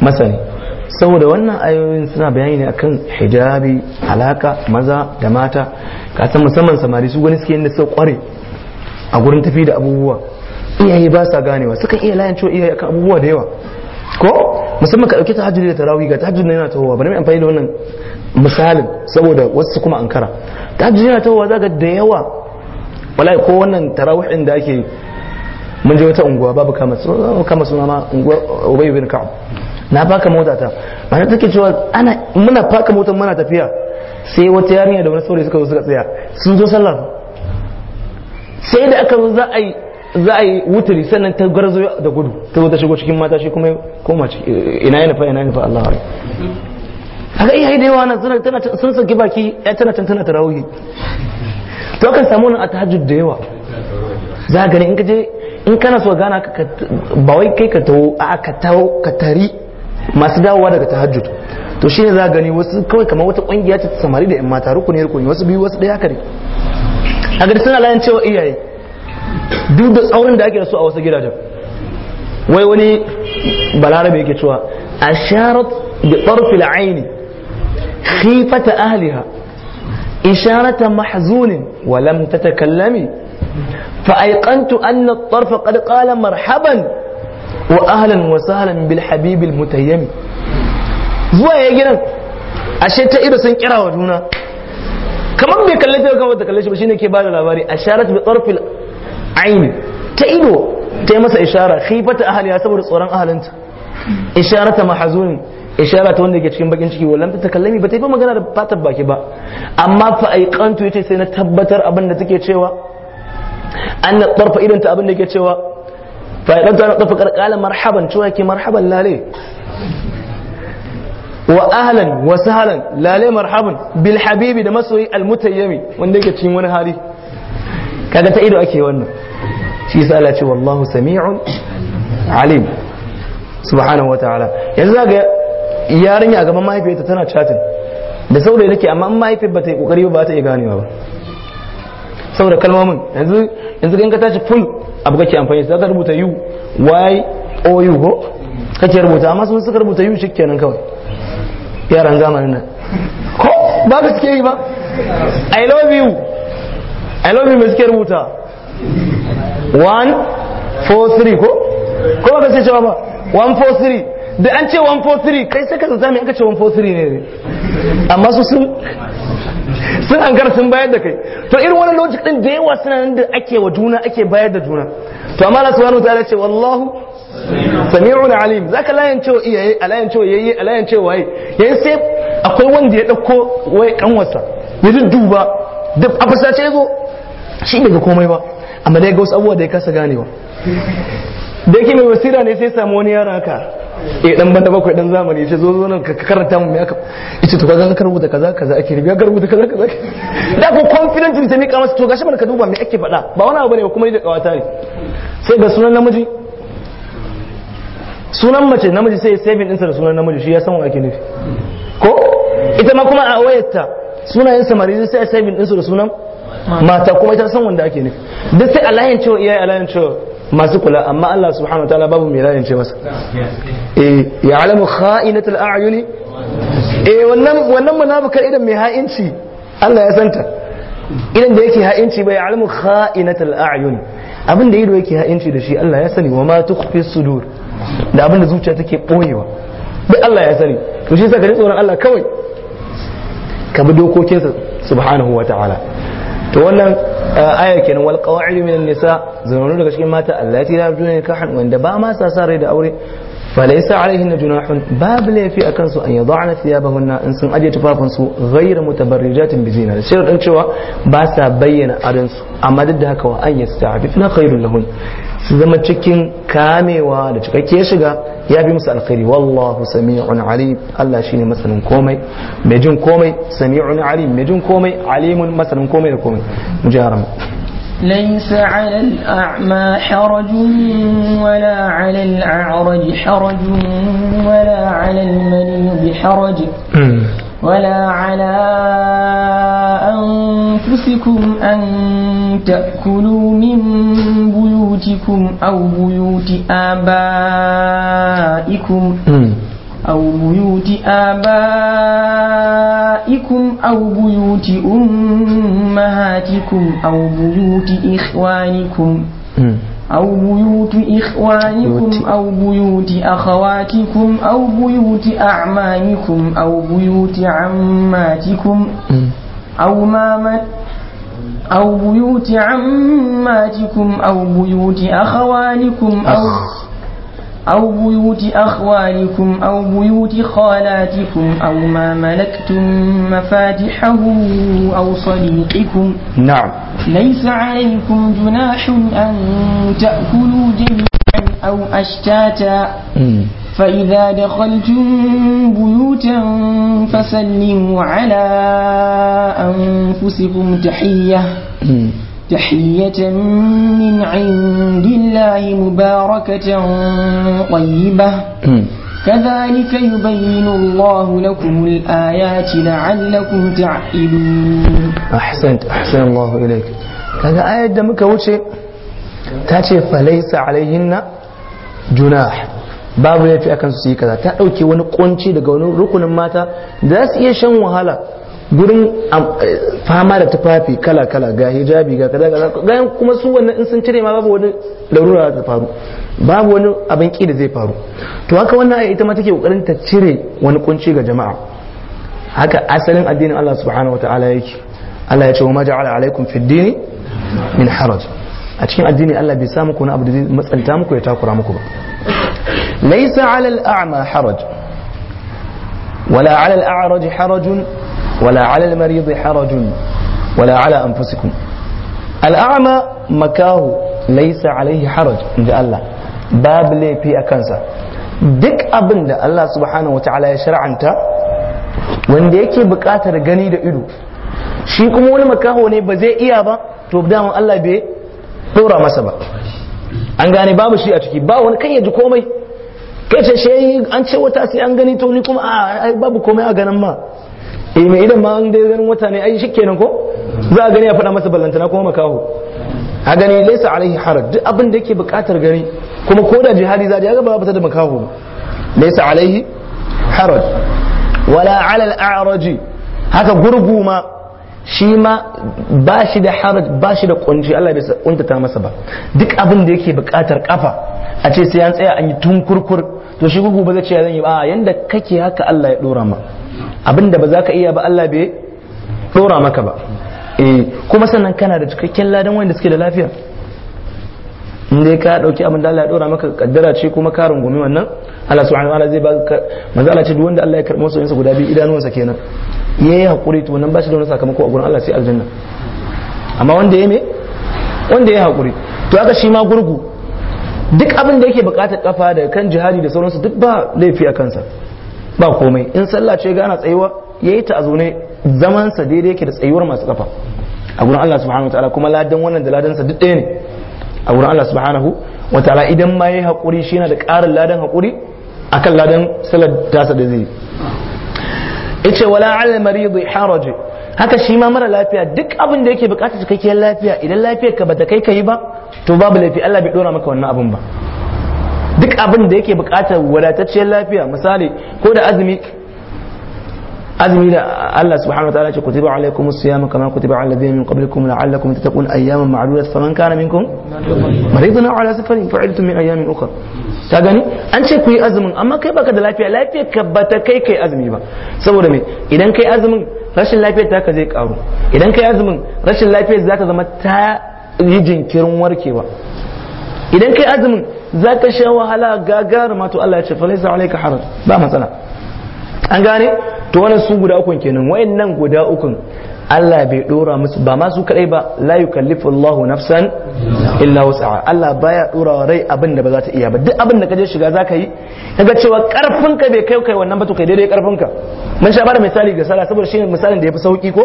Speaker 1: masani saboda wannan ayoyin suna bayani ne akan hijabi alaka maza da mata kasan musamman samari su gani suke inda suka kware a gurin tafi da abubuwa iyaye ba sa ganewa suka iya layan cewa iyaye akan abubuwa da yawa ko musamman ka dauki tahajjudi da tarawih ga tahajjudi yana tawowa bari mu amfani da wannan misalin saboda wasu kuma ankara tahajjudi yana tawowa zaga da yawa wallahi ko wannan tarawihin da ake mun je wata unguwa babu kama suna ma unguwar Ubay Ka'ab na faka mota ta mata take cewa ana muna faka motar muna tafiya sai wata yarinya da wani saurayi suka zo suka tsaya sun zo sallah sai da aka zo za a yi za a yi wuturi sannan ta garzo da gudu ta zo ta shigo cikin mata shi kuma koma ina yana fa ina nufa fa Allah hari haka iya da yawa na sun saki baki ya tana can tana tarawihi to kan samu nan a tahajjud da yawa za gani in ka je in kana so gana ka ba wai kai ka tawo a ka tawo ka tari masu dawowa daga tahajjud to shi ne za gani wasu kawai kamar wata kungiya ta samari da yan mata rukuni rukuni wasu biyu wasu daya kare a gari suna layan cewa iyaye duk da tsaurin da ake da su a wasu gidajen wai wani balarabe yake cewa a sharat da tsarfil aini khifata ahliha إشارة محزون ولم تتكلمي فأيقنت أن الطرف قد قال مرحبا wa ahlan wa sahlan bil habibil mutayyami zuwa ya gidan ashe ta ido sun kira wa juna kamar bai kalle ta kawai ta kalle shi ba shine ke bada da labari asharat bi tsarfil aini ta ido ta yi masa ishara khifata ahliya saboda tsoron ahalinta isharata mahzunin ishara ta wanda ke cikin bakin ciki wallan ta kallami ba ta yi magana da fatar baki ba amma fa aiqantu yace sai na tabbatar abin da take cewa an na tsarfa idan ta abin da yake cewa فإذا أنت طفق قال مرحبا شو هيك مرحبا لا ليه وأهلا وسهلا لا ليه مرحبا بالحبيب yake cikin المتيمي وندك تشين وانا هاري كذا تأيدو أكي وانا شي سألة والله سميع alim subhanahu wataala yanzu zaga yarinya a gaban mahaifiyarta tana chatin da saurayi nake amma in mahaifiyar ba ta kokari ba ta iya ganewa ba saboda kalmomin yanzu yanzu in ka tashi full abu kake amfani sai ka rubuta yu y o u ko kake rubuta amma sun suka rubuta yu shikenan kawai yaran zamanin nan ko ba ka suke yi ba i love you i love you mai suke rubuta 1 4 3 ko ko ba ka sai cewa ba 1 4 3 da an ce 143 kai sai ka zama an ka ce 143 ne amma su sun sun gara sun bayar da kai to irin wani logic din da yawa suna nan da ake wa juna ake bayar da juna to amma Allah subhanahu wataala ce wallahu sami'un alim zaka layan cewa iyaye alayan cewa yayye alayan cewa waye yayin sai akwai wanda ya dauko wai kanwarsa ya duba da a fasace yazo shi bai ga komai ba amma dai ga wasu abubuwa da ya kasa ganewa da yake mai wasira ne sai samu wani yaron haka eh dan banda bakwai dan zamani yace zo zo nan ka karanta mu me aka yace to kaga ka rubuta kaza kaza ake rubuta ga rubuta kaza kaza da ko confident din ta mika masa to gashi mana ka duba me ake faɗa ba wani abu bane kuma ni da kawata ne sai ga sunan namiji sunan mace namiji sai saving sa da sunan namiji shi ya san ake nufi ko ita ma kuma a wayarta sunayen samari sai saving ɗinsu da sunan mata kuma ita san wanda ake nufi duk sai alayan cewa iyaye alayan cewa masu kula amma Allah subhanahu wataala babu mai lalince masa eh ya alamu kha'inatul a'yuni eh wannan wannan munafikar idan mai ha'inci Allah ya santa idan da yake ha'inci bai alamu kha'inatul a'yuni abin da ido yake ha'inci da shi Allah ya sani wa ma tukhfi sudur da abin da zuciya take boyewa bai Allah ya sani to shi yasa ka tsoron Allah kawai ka bi dokokinsa subhanahu wa ta'ala to wannan eh, ayar kenan wal qawa'id min nisa zamanu daga cikin mata allati la yabduna nikahan wanda ba ma sa sa rai da aure falaysa juna junahun babu laifi akan su an yad'ana thiyabahunna in sun aje tufafin su ghayra mutabarrijatin bi zina sai dan cewa ba sa bayyana arin su amma duk da haka wa an yasta'fifna khairul lahun su zama cikin kamewa da cikakkiyar shiga يا بي مسأل خيري والله سميع عليم الله شيني مثلا كومي مجون كومي سميع عليم مجون كومي عليم مثلا كومي كومي مجارم
Speaker 2: ليس على الأعمى حرج ولا على الأعرج حرج ولا على المريض حرج ولا على أن أنفسكم أن تأكلوا من بيوتكم أو بيوت آبائكم أو بيوت آبائكم أو بيوت أمهاتكم أو بيوت إخوانكم أو بيوت إخوانكم أو بيوت أخواتكم أو بيوت أعمامكم أو بيوت عماتكم أو ما من أو بيوت عماتكم أو بيوت أخوانكم أو أو بيوت أخوالكم أو بيوت خالاتكم أو ما ملكتم مفاتحه أو صديقكم نعم ليس عليكم جناح أن تأكلوا جميعا أو أشتاتا فإذا دخلتم بيوتا فسلموا على أنفسكم تحية تحية من عند الله مباركة طيبة كذلك يبين الله لكم الآيات لعلكم
Speaker 1: تعقلون أحسنت أحسن الله إليك هذا آية دمك وشي تاتي فليس عليهن جناح babu laifi akan su yi kaza ta ɗauke wani kunci daga wani rukunin mata da za su iya shan wahala gurin fama da tufafi kala kala ga hijabi ga kaza kaza ga kuma su wannan in sun cire ma babu wani larura da faru babu wani abin ki da zai faru to haka wannan ita ma take kokarin ta cire wani kunci ga jama'a haka asalin addinin Allah subhanahu wataala yake Allah ya ce wa ma ja'ala alaikum fid dini min haraj a cikin addini Allah bai samu ko na abu da zai matsanta muku ya takura muku ba laysa 'ala al-a'ma haraj wala 'ala araj haraj wala 'ala marid harajun wala 'ala anfusikum al-a'ma makahu laysa 'alayhi haraj inda Allah babu laifi a kansa duk abin da Allah subhanahu wata'ala ya shar'anta wanda yake bukatar gani da ido shi kuma wani makaho ne ba zai iya ba to daman Allah bai dora masa ba an gane babu shi a ciki ba wani kan ya ji komai kai ce shi an ce wata sai an gani to ni kuma a ah, babu komai a ganin ma eh mai idan ma an dai ganin wata ne ai shikenan ko za a gani a faɗa masa ballantana kuma makaho a gani laisa alaihi haraj duk abin da yake buƙatar gani kuma ko da jihadi za a ga ba da makaho laisa alaihi haraj wala ala al haka gurgu ma shi ma ba shi da haraj ba shi da kunci Allah bai kuntata masa ba duk abin da yake bukatar kafa a ce sai an tsaya an yi tunkurkur to shi gugu ba zai ce zan yi ba yanda kake haka Allah ya dora ma abin da ba za ka iya ba Allah bai dora maka ba eh kuma sannan kana da cikakken ladan wanda suke da lafiya in dai ka dauki abin da Allah ya dora maka kaddara ce kuma ka rungumi wannan Allah subhanahu wa ta'ala zai baka manzo Allah ce duk wanda Allah ya karbi masoyinsa guda biyu idanuwansa kenan yayi hakuri to nan ba shi da wani sakamako a gurin Allah sai aljanna amma wanda ya me wanda yayi hakuri to haka shi ma gurgu duk abin da yake bukatar kafa da kan jihadi da sauransu duk ba laifi a kansa ba komai in sallah ce gana tsayuwa yayi ta azune zaman zamansa daidai yake da tsayuwar masu kafa a gurin Allah subhanahu wa ta'ala kuma ladan wannan da ladansa duk ɗaya ne a wurin Allah subhanahu wa ta'ala idan ma yayi hakuri shi yana da ƙarin ladan hakuri akan ladan salat tasa da zai yace wala al marid haraj haka shi ma mara lafiya duk abin da yake bukata cikakkiyar lafiya idan lafiyar ka bata kai kai ba to babu laifi Allah bai dora maka wannan abin ba duk abin da yake bukata wadatacciyar lafiya misali ko da azumi azumi da Allah subhanahu wa ta'ala ce kutiba alaikum as-siyam kama kutiba ala alladhina min qablikum la'allakum tattaqun ayyaman ma'dudat faman kana minkum maridun aw ala safarin fa'idtum min ayyamin ukhra ka gani an ce ku yi azumin amma kai baka da lafiya lafiya ka bata kai kai azumi ba saboda me idan kai azumin rashin lafiya ta ka zai karu idan kai azumin rashin lafiya za ta zama ta yi jinkirin warkewa idan kai azumin za ka sha wahala gagaruma to Allah ya ce fa laysa alayka haraj ba matsala an gane to wannan su guda ukun kenan nan guda ukun Allah bai dora musu ba ma su kadai ba la yukallifu Allahu nafsan illa wus'aha Allah baya dora rai abin da ba za ta iya ba duk abin da kaje shiga zaka yi kaga cewa karfin ka bai kai kai wannan ba to kai daidai karfin ka mun sha bada misali ga sallah saboda shine misalin da yafi sauki ko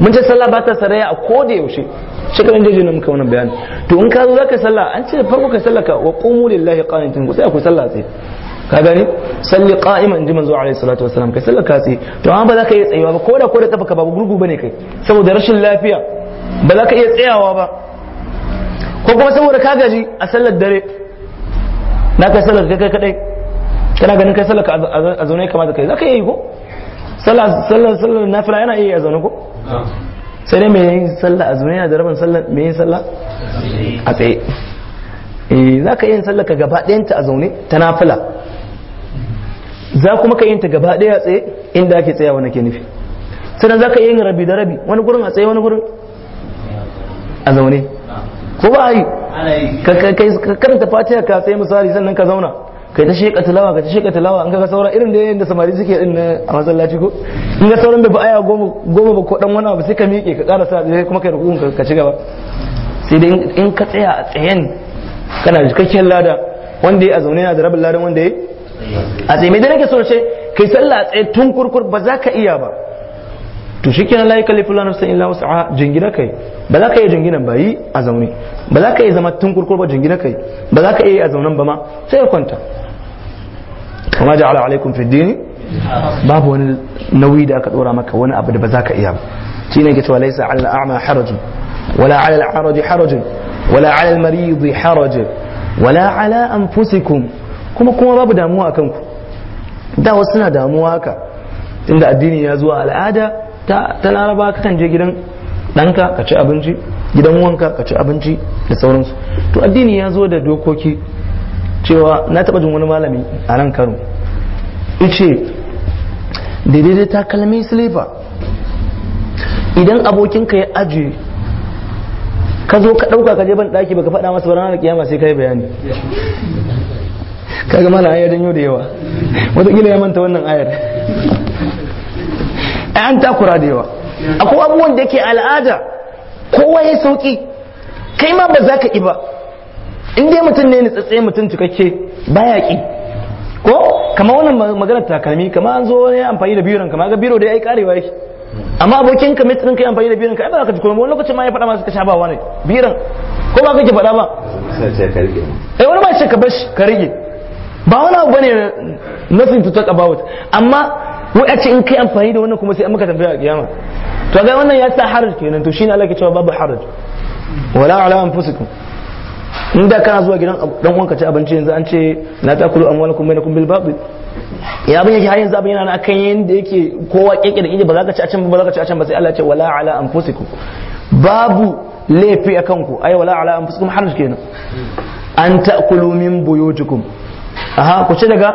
Speaker 1: mun ce sallah ba ta saraya a koda yaushe kan jeje ne muka wannan bayani to in ka zo zaka sallah an ce farko ka sallaka wa qumu lillahi qanitin ku sai ku sallah sai ka gani salli qa'iman ji manzo alaihi salatu wasalam kai salla ka tsaye to amma ba za ka iya tsayawa ba ko da ko da kafa ka ba gurgu bane kai saboda rashin lafiya ba za ka iya tsayawa ba ko kuma saboda ka gaji a sallar dare na kai sallar kai kadai kana ganin kai sallar ka a zaune kamata kai za ka iya yi ko sallar sallar nafila yana iya yi a zaune ko sai dai mai yin sallah a zuwa yana da rabin sallah mai yin sallah a tsaye eh, za ka yin sallah ka gaba ɗayanta a zaune ta nafila za kuma ka yin ta gaba ɗaya tsaye inda ake tsayawa ke nufi sannan za ka yin rabi da rabi wani gurin a tsaye wani gurin a zaune ko ba yi ka karanta fatiha ka tsaye misali sannan ka zauna kai ta sheka tilawa ka ta sheka tilawa an ga saura irin da da samari suke din a masallaci ko in ga sauran bai aya goma ba ko dan wani abu sai ka miƙe ka karasa sai kuma kai rukun ka ci gaba sai dai in ka tsaya a tsayen kana da cikakken lada wanda ya a zaune na da rabin ladan wanda ya a tsaye mai da nake so ce kai sallah a tsaye tun kurkur ba za ka iya ba to shi kenan la yukallifu la nafsan illa wus'aha jingina kai ba za ka iya jinginan ba yi a zaune ba za ka iya zama tun kurkur ba jingina kai ba za ka iya a zaunan ba ma sai ya kwanta kuma ja'ala alaikum fi dini babu wani nauyi da aka dora maka wani abu da ba za ka iya ba shine ke cewa laysa 'ala ama harajun wala 'ala al-'araj harajun wala 'ala al-marid harajun wala 'ala anfusikum kuma kuma babu damuwa a ku da wasu suna damuwa haka inda addini ya zuwa al'ada ta laraba kakan je gidan ɗanka ka ci abinci gidan wanka ka ci abinci da sauransu to addini ya zo da dokoki cewa na taɓa jin wani malami a nan kano ice daidai ta kalmi silifa idan abokinka ya ajiye ka zo ka ɗauka ka je ban ɗaki baka faɗa masa ba ranar kiyama sai ka yi bayani kaga mala ayar yau da yawa wataƙila ya manta wannan ayar an takura da yawa akwai abubuwan da ke al'ada kowa ya sauki kai ma ba za ka ƙi ba in dai mutum ne nitsatse mutum cikakke baya ƙi ko kama wannan maganar takalmi kama an zo ne amfani da biron kama ga biro da ya yi karewa yake amma abokin ka mitin kai amfani da biron ka ai ba ka ji kuma wani lokacin ma ya faɗa masu ka sha ba wani biron ko ba kake faɗa ba
Speaker 3: eh
Speaker 1: wani ba ce ka bashi ka rage ba wani abu bane nothing to talk about amma wai a ce in kai amfani da wannan kuma sai an maka tambaya a kiyama to ga wannan ya sa haraj kenan to shine Allah ke cewa babu haraj wala ala anfusikum in da kana zuwa gidan dan uwanka ci abinci yanzu an ce na takulu amwalakum bainakum bil babil ya abin yake har yanzu yana na akan yanda yake kowa keke da inda ba za ka ci a can ba za ka ci a can ba sai Allah ya ce wala ala anfusikum babu laifi akan ku ai wala ala anfusikum haraj kenan an ta'kulu min buyutikum aha ku ci daga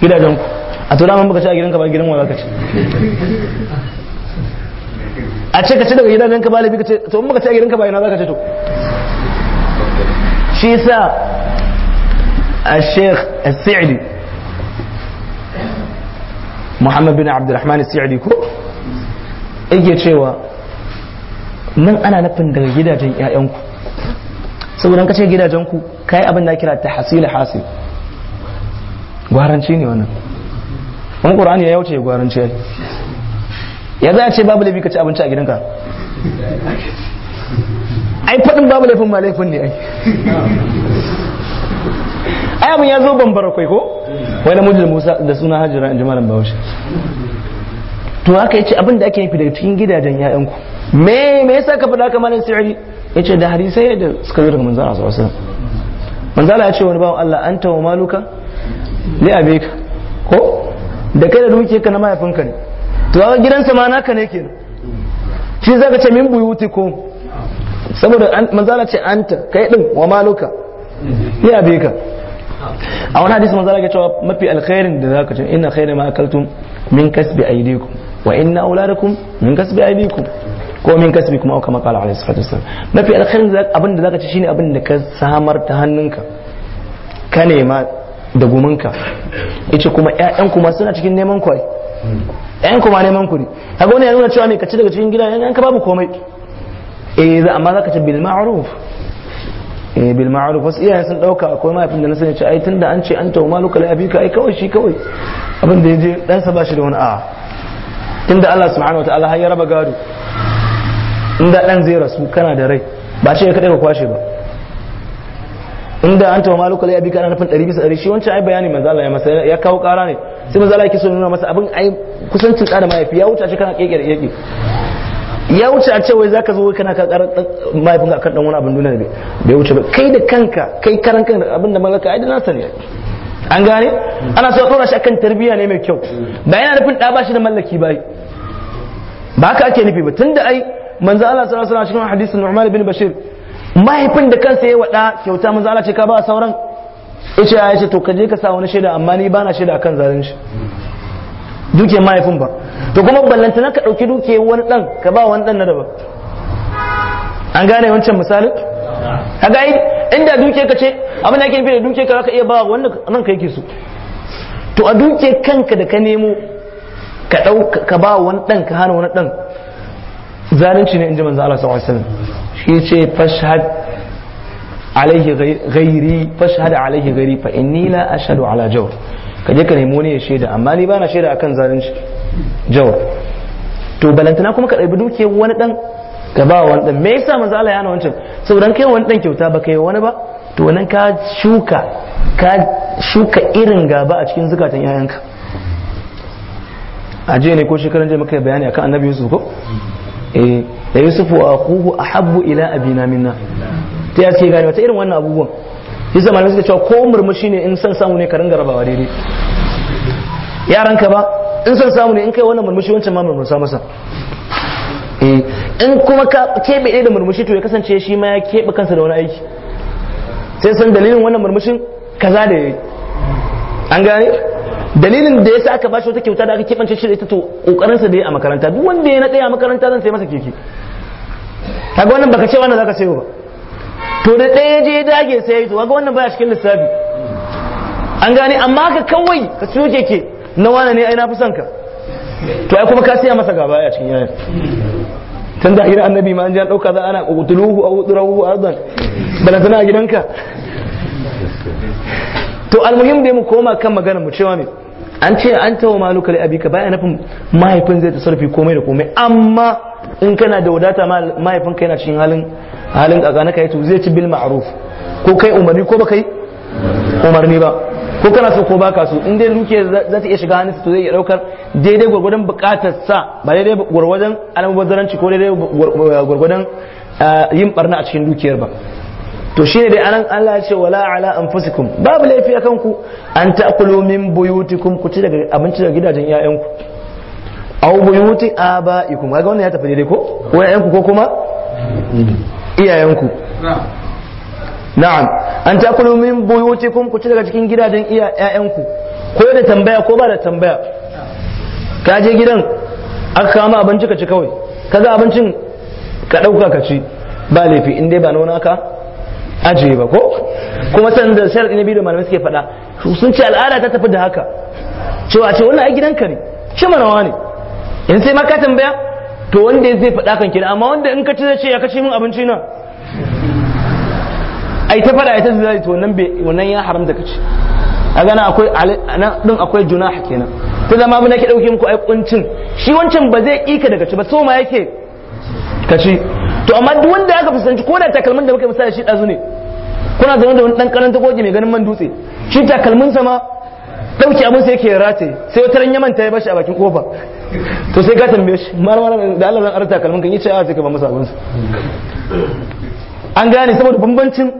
Speaker 1: gidajen ku a tura man baka ci a ka ba gidan wa ka ci a ce ka ci daga gidajen ka ba labi ka ce to in baka ci a ka ba yana za ka ci to shi sa a sheikh al-sa'idi muhammad bin rahman al-sa'idi ko yake cewa nan ana nufin daga gidajen 'ya'yanku saboda ka ce gidajen ku kai abin da kira ta hasila hasil gwaranci ne wannan wani qur'ani ya wuce gwaranci ya ya za a ce babu laifi ka ci abinci a gidanka ai faɗin babu laifin ma laifin ne ai ai abin ya zo ban kwai ko wai na da musa da suna hajjira in ji malam bahaushe to haka yace abin da ake nufi daga cikin gidajen ya'yanku me me yasa ka faɗa kamar malam sirri yace da hadisai da suka zo daga manzo Allah sallallahu alaihi ya ce wani bawan Allah anta tawo maluka a beka ko da kai da duke ka na mahaifinka ne to ga gidansa ma naka ne kenan shi ka ce min buyuti ko saboda manzo ce anta kai din wa maluka a beka a wani hadisi manzo Allah ya cewa mafi alkhairin da za ka ce ina khayra ma min kasbi aydikum wa inna auladakum min kasbi aydikum ko min kasbi kuma kuma kala alaihi salatu wasallam mafi alkhairin abin da zaka ci shine abin da ka samar ta hannunka ka nema da guminka yace kuma ƴaƴan kuma suna cikin neman kwai ƴaƴan kuma neman kuri kaga wani ya nuna cewa me ka ci daga cikin gida ƴaƴan ka babu komai eh amma zaka ci bil ma'ruf eh bil ma'ruf wasu iyaye sun dauka akwai mahaifin da na sani ce ai tunda an ce an tawo maluka la abika ai kawai shi kawai abin da yaje dan sa bashi da wani a tunda Allah subhanahu wataala har ya raba gado inda dan zai rasu kana da rai ba ce kaɗai ka kwashe ba inda an tawo maluka lai abi kana nufin 100 bisa ɗari shi wancan ai bayani manzo Allah ya masa ya kawo kara ne sai manzo Allah yake so nuna masa abin ai kusancin tsada mahaifi ya wuce a ce kana kekere yake ya wuce a ce wai zaka zo kana ka karar mahaifin ka kan dan wani abin duniya ne bai wuce ba kai da kanka kai karan kan abin da malaka ai da nasa ne an gane ana so ɗora shi akan tarbiyya ne mai kyau ba yana nufin da ba shi da mallaki ba ba haka ake nufi ba tunda ai manzo Allah sallallahu alaihi wasallam cikin hadisin Nu'man bin Bashir mahaifin da kansa ya wada kyauta manzo Allah ce ka ba sauran yace ya yace to kaje ka sa wani shaida amma ni bana shaida akan shi duke mahaifin ba to kuma ballantana ka dauki duke wani dan ka ba wani dan na daban an gane wancan misalin kaga inda duke ka ce abin da yake nufi da duke ka zaka iya ba wanda nan ka yake su. to a duke kanka da ka nemo ka ɗauka ka ba wani ɗan ka hana wani ɗan zalunci ne in ji manzo Allah sallallahu alaihi wasallam shi ce fashhad alaihi ghairi fashhad alaihi ghairi fa inni la ashhadu ala jawr ka je ka nemo ne ya shaida amma ni bana shaida akan zalunci jawr to balantana kuma ka ɗabi duke wani dan ka ba wani dan me yasa manzo Allah ya na wancan saboda kai wani dan kyauta ba kai wani ba to wannan ka shuka ka shuka irin gaba a cikin zukatan yayanka a ne ko shekaran jami'a kai bayani akan annabi Yusuf ko eh da yusuf wa akhuhu ahabbu ila abina minna ta ya ce gani wata irin wannan abubuwan yasa malamai suka cewa ko murmushi ne in san samu ne ka ringa rabawa daidai yaranka ba in san samu ne in kai wannan murmushi wancan ma murmusa masa eh in kuma ka kebe ɗaya da murmushi to ya kasance shi ma ya kebe kansa da wani aiki sai san dalilin wannan murmushin kaza da yayi an gane dalilin da yasa aka bashi wata kyauta da aka kebance shi da ita to kokarin sa da a makaranta duk wanda ya na tsaya a makaranta zan sai masa keke kaga wannan baka ce wannan zaka sayo ba to da ɗaya je dage sai to kaga wannan baya cikin lissafi an gane amma ka kawai ka siyo keke na wani ne ai na fi son ka to ai kuma ka siya masa gaba a cikin yayin tun da hira annabi ma an ji an dauka za ana qutuluhu aw udruhu ardan bala tana gidanka to almuhim dai mu koma kan magana mu cewa ne an ce an tawa maluka li abika baya nufin mahaifin zai tasarrufi komai da komai amma in kana da wadata mahaifin ka yana cikin halin halin kakana kai to zai ci bil ma'ruf ko kai umarni ko baka yi umarni ba ko kana so ko baka so in dai duke za ta iya shiga hannunsa to zai iya daukar daidai gwargwadon bukatar sa ba daidai gwargwadon ko daidai gwargwadon eh, yin barna a cikin dukiyar ba to shine dai anan Allah ya ce wala ala anfusikum babu laifi a kanku an ta'kulu min buyutikum ku ci daga abinci daga gidajen yayanku aw buyuti abaikum kaga wannan ya tafi daidai ko ko yayanku ko kuma iyayenku na'am an ta'kulu min buyutikum ku ci daga cikin gidajen ƴaƴanku ko da tambaya ko ba da tambaya ka je gidan aka kama abinci ka ci kawai kaga abincin ka dauka ka ci ba laifi in dai ba nuna ka ajiye ba ko kuma san da sharaɗi na biyu da malamai suke fada sun ce al'ada ta tafi da haka cewa ce wannan ai ka ne shi marawa ne in sai ma ka tambaya to wanda zai fada kan kenan amma wanda in ka ci zai ce ya kace min abinci na ai ta fada ai ta zai to wannan wannan ya haramta ka ci a gana akwai nan din akwai junah kenan ta zama mun nake dauke muku ai kuncin shi wancan ba zai ika daga ci ba so ma yake ka ci to amma duk wanda aka fuskanci ko da takalmin da muka misali shi dazu ne kuna zama da wani dan karanta goge mai ganin man dutse shi takalmin sa ma dauki abin sai yake rataye sai wata ran yaman ta ya bashi a bakin kofa to sai ka tambaye shi malama da Allah zan arta takalmin kan yace a sai ka ba masa abin an gane saboda bambancin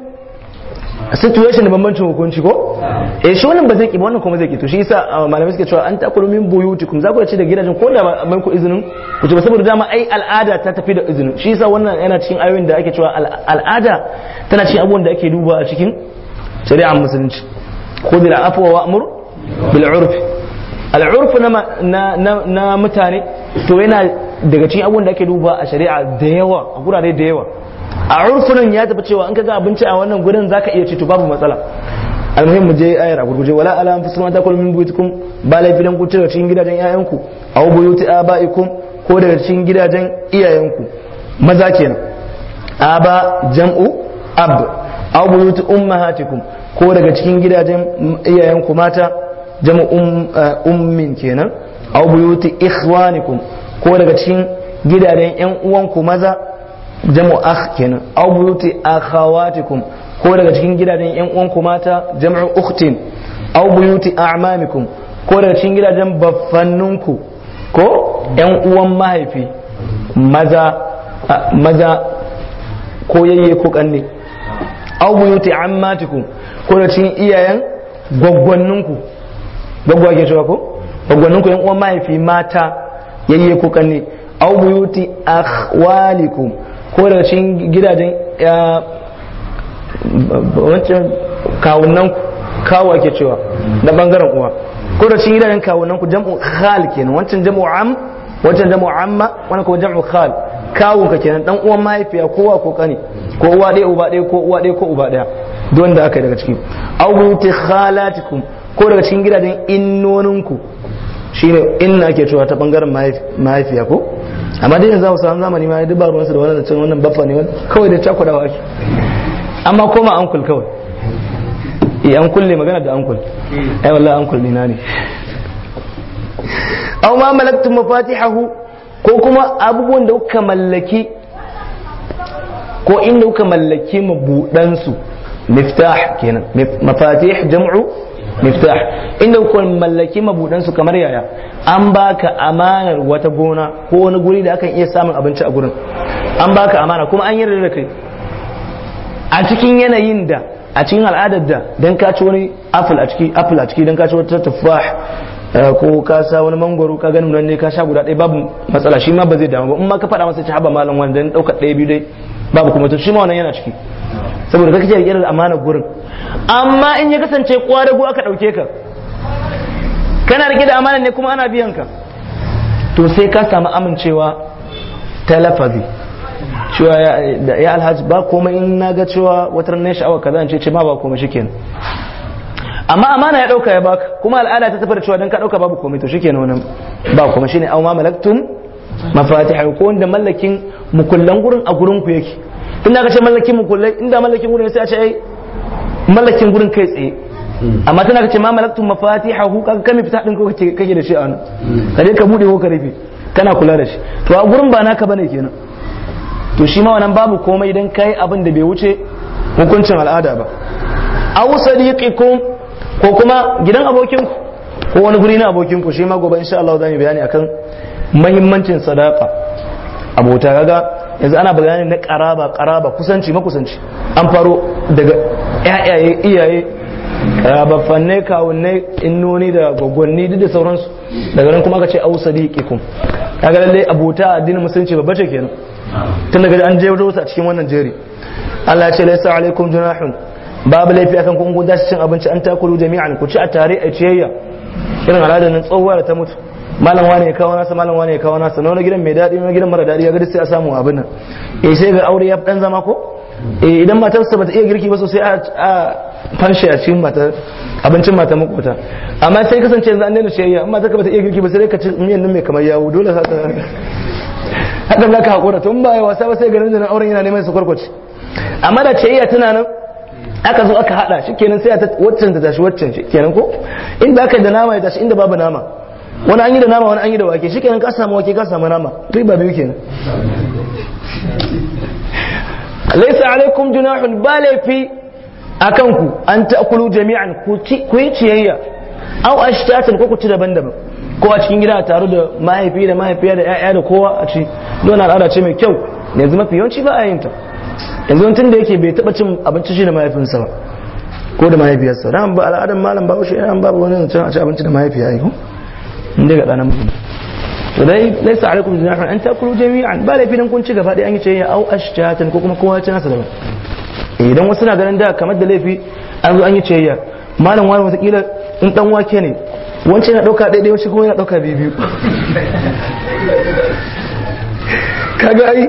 Speaker 1: situation da bambancin hukunci ko eh shi wannan ba zai ki wannan kuma zai ki to shi yasa ah, malamai suke cewa an ta kullu min buyutikum za ku ci da gidajen ko da mai ku izinin ku ci ba saboda dama ai al'ada ta tafi da izinin shi yasa wannan yana cikin ayoyin da ake cewa al'ada tana cikin abubuwan da ake duba a cikin shari'ar musulunci afu wa amr bil urf al urf na na mutane to yana daga cikin abubuwan da ake duba a shari'a da yawa a gurare da yawa a urfunan ya tafi cewa in ka ga abinci a wannan gurin ka iya ci to babu matsala almuhim mu je ayar a gurguje wala ala anfusikum ta kullu min buyutikum ba laifi dan ku daga cikin gidajen 'ya'yanku aw buyuti abaikum ko daga cikin gidajen iyayenku maza kenan aba jam'u ab aw buyuti ummahatikum ko daga cikin gidajen iyayenku mata jam'u um, uh, ummin kenan aw buyuti ikhwanikum ko daga cikin gidajen yan uwanku maza jam'u akh kenan aw buyuti akhawatikum ko daga cikin gidajen yan uwan ku mata jam'u ukhtin aw buyuti a'mamikum ko daga cikin gidajen baffannun ku ko yan uwan mahaifi maza maza ko yayye ko kanne aw buyuti ammatikum ko daga cikin iyayen ku gwaggwa ke cewa ko ku yan uwan mahaifi mata yayye ko kanne aw buyuti akhwalikum ko daga cikin gidajen wancan kawunan kawo ke cewa na bangaren uwa ko da cikin gidajen kawunan ku jam'u khal kenan wancan jam'u am wancan jam'u amma wannan kuma jam'u khal kawun ka kenan dan uwan mahaifiya kowa ko kani ko uwa ɗaya uba ɗaya ko uwa ɗaya ko uba ɗaya duk wanda aka yi daga ciki aw binti khalatikum ko daga cikin gidajen ku shine inna ake cewa ta bangaren mahaifiya ko amma dai yanzu samu zamani ma ya ba ruwansu da wannan cin wannan baffa ne wani kawai da cakudawa ake amma koma ankul kawai eh ankul ne magana da ankul ai wallahi ankul ne na ne aw ma malaktum mafatihahu ko kuma abubuwan da kuka mallaki ko inda kuka mallaki mabudan su miftah kenan mafatih jam'u miftah inda ku mallaki mabudan su kamar yaya an baka amanar wata gona ko wani guri da akan iya samun abinci a gurin an baka amana kuma an yarda da kai a cikin yanayin da a cikin al'adar da dan ka ci wani apple a ciki apple a ciki dan ka ci wata tufah ko ka sa wani mangoro ka gani nan ne ka sha guda ɗaya babu matsala shi ma ba zai damu ba in ma ka faɗa masa ci haba malam wani dan ɗaukar ɗaya biyu dai babu kuma to shi ma wannan yana ciki saboda kake ce da amana gurin amma in ya kasance kwadago aka dauke ka kana rike da amana ne kuma ana biyan ka to sai ka samu amincewa ta lafazi cewa ya alhaji ba komai in na ga cewa watar ne sha'awa kaza ce ce ma ba komai shikenan amma amana ya dauka ya baka kuma al'ada ta tafar cewa dan ka dauka babu komai to shikenan wannan ba komai shine au ma malaktum mafatihu ko wanda mallakin mukullan gurin a gurin ku yake inda ka ce mallakin kullai inda mallakin gurin sai a ce ai mallakin gurin kai tsaye amma tana ka ce ma malaktu mafatihahu kaga kame fita din ko kake da shi a hannu ka je ka bude ko ka rufe kana kula da shi to a gurin ba naka bane kenan to shi ma wannan babu komai idan kai abin da bai wuce hukuncin al'ada ba aw sadiqikum ko kuma gidan abokin ko wani guri na abokin ku shi ma gobe insha Allah yi bayani akan muhimmancin sadaka abota kaga yanzu ana bayani na karaba karaba kusanci makusanci an faro daga yayaye iyaye bafanne kawunne innoni da gwagwanni duk da sauransu daga nan kuma ka ce au ya ga lalle abota addinin musulunci babba ce kenan tun daga an je wasu a cikin wannan jeri Allah ya ce laisa alaikum junahun babu laifi akan kun gudashi cin abinci an takulu jami'an ku ci a tare a ciyayya irin al'adar nan tsohuwa da ta mutu malam wane ya kawo nasa malam wane ya kawo nasa na wani gidan mai daɗi na gidan mara daɗi ya gadi sai a samu abin nan eh, sai ga aure ya dan zama ko eh idan matarsa bata iya girki ba sosai a fanshi a cikin mata abincin mata makota amma sai kasance yanzu an daina shayayya amma ta bata iya girki ba sai ka ci miyan nan mai kamar yawo dole ta haka za ka haƙura tun ba wasa ba sai ganin da auren yana neman su kwarkwaci amma da shayayya tana nan aka zo aka haɗa shi kenan sai a waccan ta tashi waccan shi kenan ko inda aka da nama ya tashi inda babu nama wani an yi da nama wani an yi da wake shi kenan ka samu wake ka samu nama ba biyu kenan laisa alaikum junahun ba laifi a kanku an ta'kulu jami'an ku yi ciyayya aw ashtatan ko ku ci daban-daban ko a cikin gida a taru da mahaifi da mahaifiya da ƴaƴa da kowa a ci don al'ada ce mai kyau yanzu mafi yawanci ba a yin ta yanzu tun da yake bai taba cin abinci shi da mahaifinsa ba ko da mahaifiyarsa ran ba al'adan malam ba shi ran babu wani zancen a ci abinci da mahaifiya yi ko inda ga ɗa mutum to dai laisa alaikum junahun an takulu jami'an ba laifi dan kun ci gaba dai an yi ce ya au ashjatan ko kuma kowa ci nasa daban idan eh, wasu na ganin da kamar da laifi an zo an yi ciyayya malam wani watakila in dan wake ne wancan na dauka daidai wancan kuma yana dauka biyu biyu kaga ai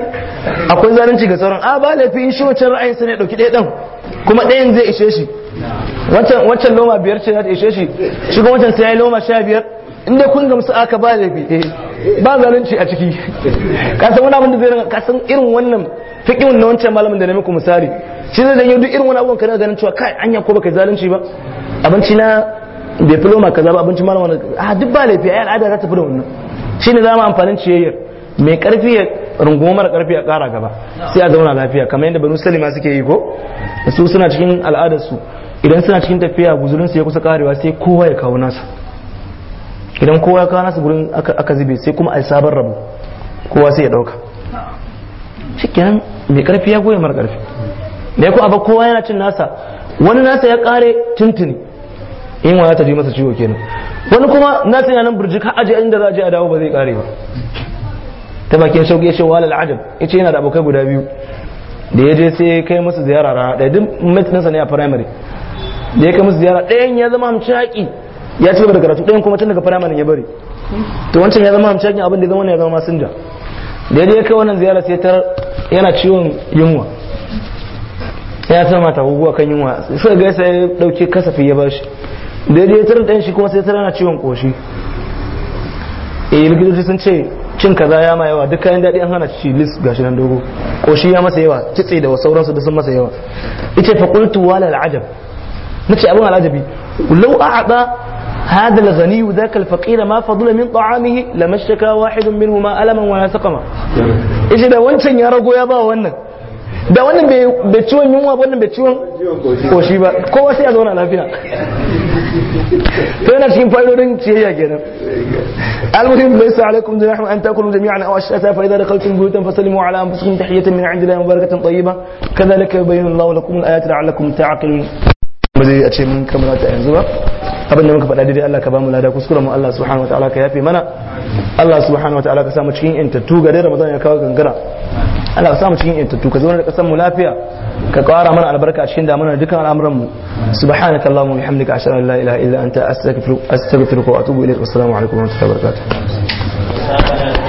Speaker 1: akwai zalunci ga sauran a ba laifi in shi wancan ra'ayin sa ne dauki ɗaya dan kuma ɗayan zai ishe shi wancan loma biyar ce za ta ishe shi shi kuma wancan sai ya yi loma sha biyar inda dai kun gamsu aka ba laifi eh, ba zalunci a ciki kasan wani abin da zai kasan irin wannan fikin na wancan malamin da na muku misali shi zai janyo duk irin wani abubuwan kana ganin cewa kai an ko baka zalunci ba abinci na bai fi loma kaza ba abincin malama a ah, duk ba laifi a yi al'ada za ta fi da wannan shi ne zama amfanin ciyayyar mai karfi ya rungumar mara karfi a kara gaba sai a zauna lafiya kamar yadda banu salima suke yi ko su suna cikin al'adarsu idan suna cikin tafiya guzurinsu ya kusa karewa sai kowa ya kawo nasa idan kowa ya kawo nasu gurin aka zube sai kuma a sabon rabu kowa sai ya dauka kenan mai karfi ya goya mara karfi da ko abu kowa yana cin nasa wani nasa ya kare tuntuni in wa ta ji masa ciwo kenan wani kuma nasa yana nan burjik har aje inda za a je a dawo ba zai kare ba ta bakin shauki ya ce wa alal ajab yace yana da abokai guda biyu da ya je sai kai musu ziyara rana ɗaya duk mate ne a primary da ya kai musu ziyara ɗayan ya zama hamshaki ya ci gaba da karatu ɗayan kuma tun daga firamanin ya bari to wancan ya zama hamshakin abin da ya zama ya zama masinja da ya kai wannan ziyara sai tar
Speaker 2: yana ciwon
Speaker 1: yunwa ya ta mata guguwa kan yunwa sai ga sai ya dauke kasafi ya bashi da ya tar ɗayan shi kuma sai tar yana ciwon koshi eh likitoci sun ce cin kaza ya ma yawa duk kayan daɗi an hana ci lis gashi nan dogo koshi ya masa yawa kitse da sauransu da sun masa yawa ita fa qultu wala al'ajab nace abin al'ajabi law a'ada هذا الغني وذاك الفقير ما فضل من طعامه لما اشتكى واحد منهما ألما ولا سقما إيش ده وانشن يا رجو يا با وانا da wannan bai ciwon yunwa ba wannan bai ciwon koshi ba kowa sai ya zauna lafiya to yana cikin المهم ليس عليكم جناح ان تاكلوا جميعا او اشتاتا فاذا دخلتم بيوتا فسلموا على انفسكم تحيه من عند الله مباركه طيبه كذلك يبين الله لكم الايات لعلكم تعقلون ba zai a ce mun kammala ta yanzu ba abin da muka faɗa daidai Allah ka bamu lada kuskuren mu Allah subhanahu wataala ka yafe mana Allah subhanahu wataala ka samu cikin intattu ga dai Ramadan ya kawo gangara Allah ka samu cikin intattu ka zo da kasan mu lafiya ka ƙara mana albarka a cikin damuna da dukkan al'amuran mu subhanakallahumma wa bihamdika ashhadu an la ilaha illa anta astaghfiruka wa atubu ilayk assalamu alaikum wa rahmatullahi wa barakatuh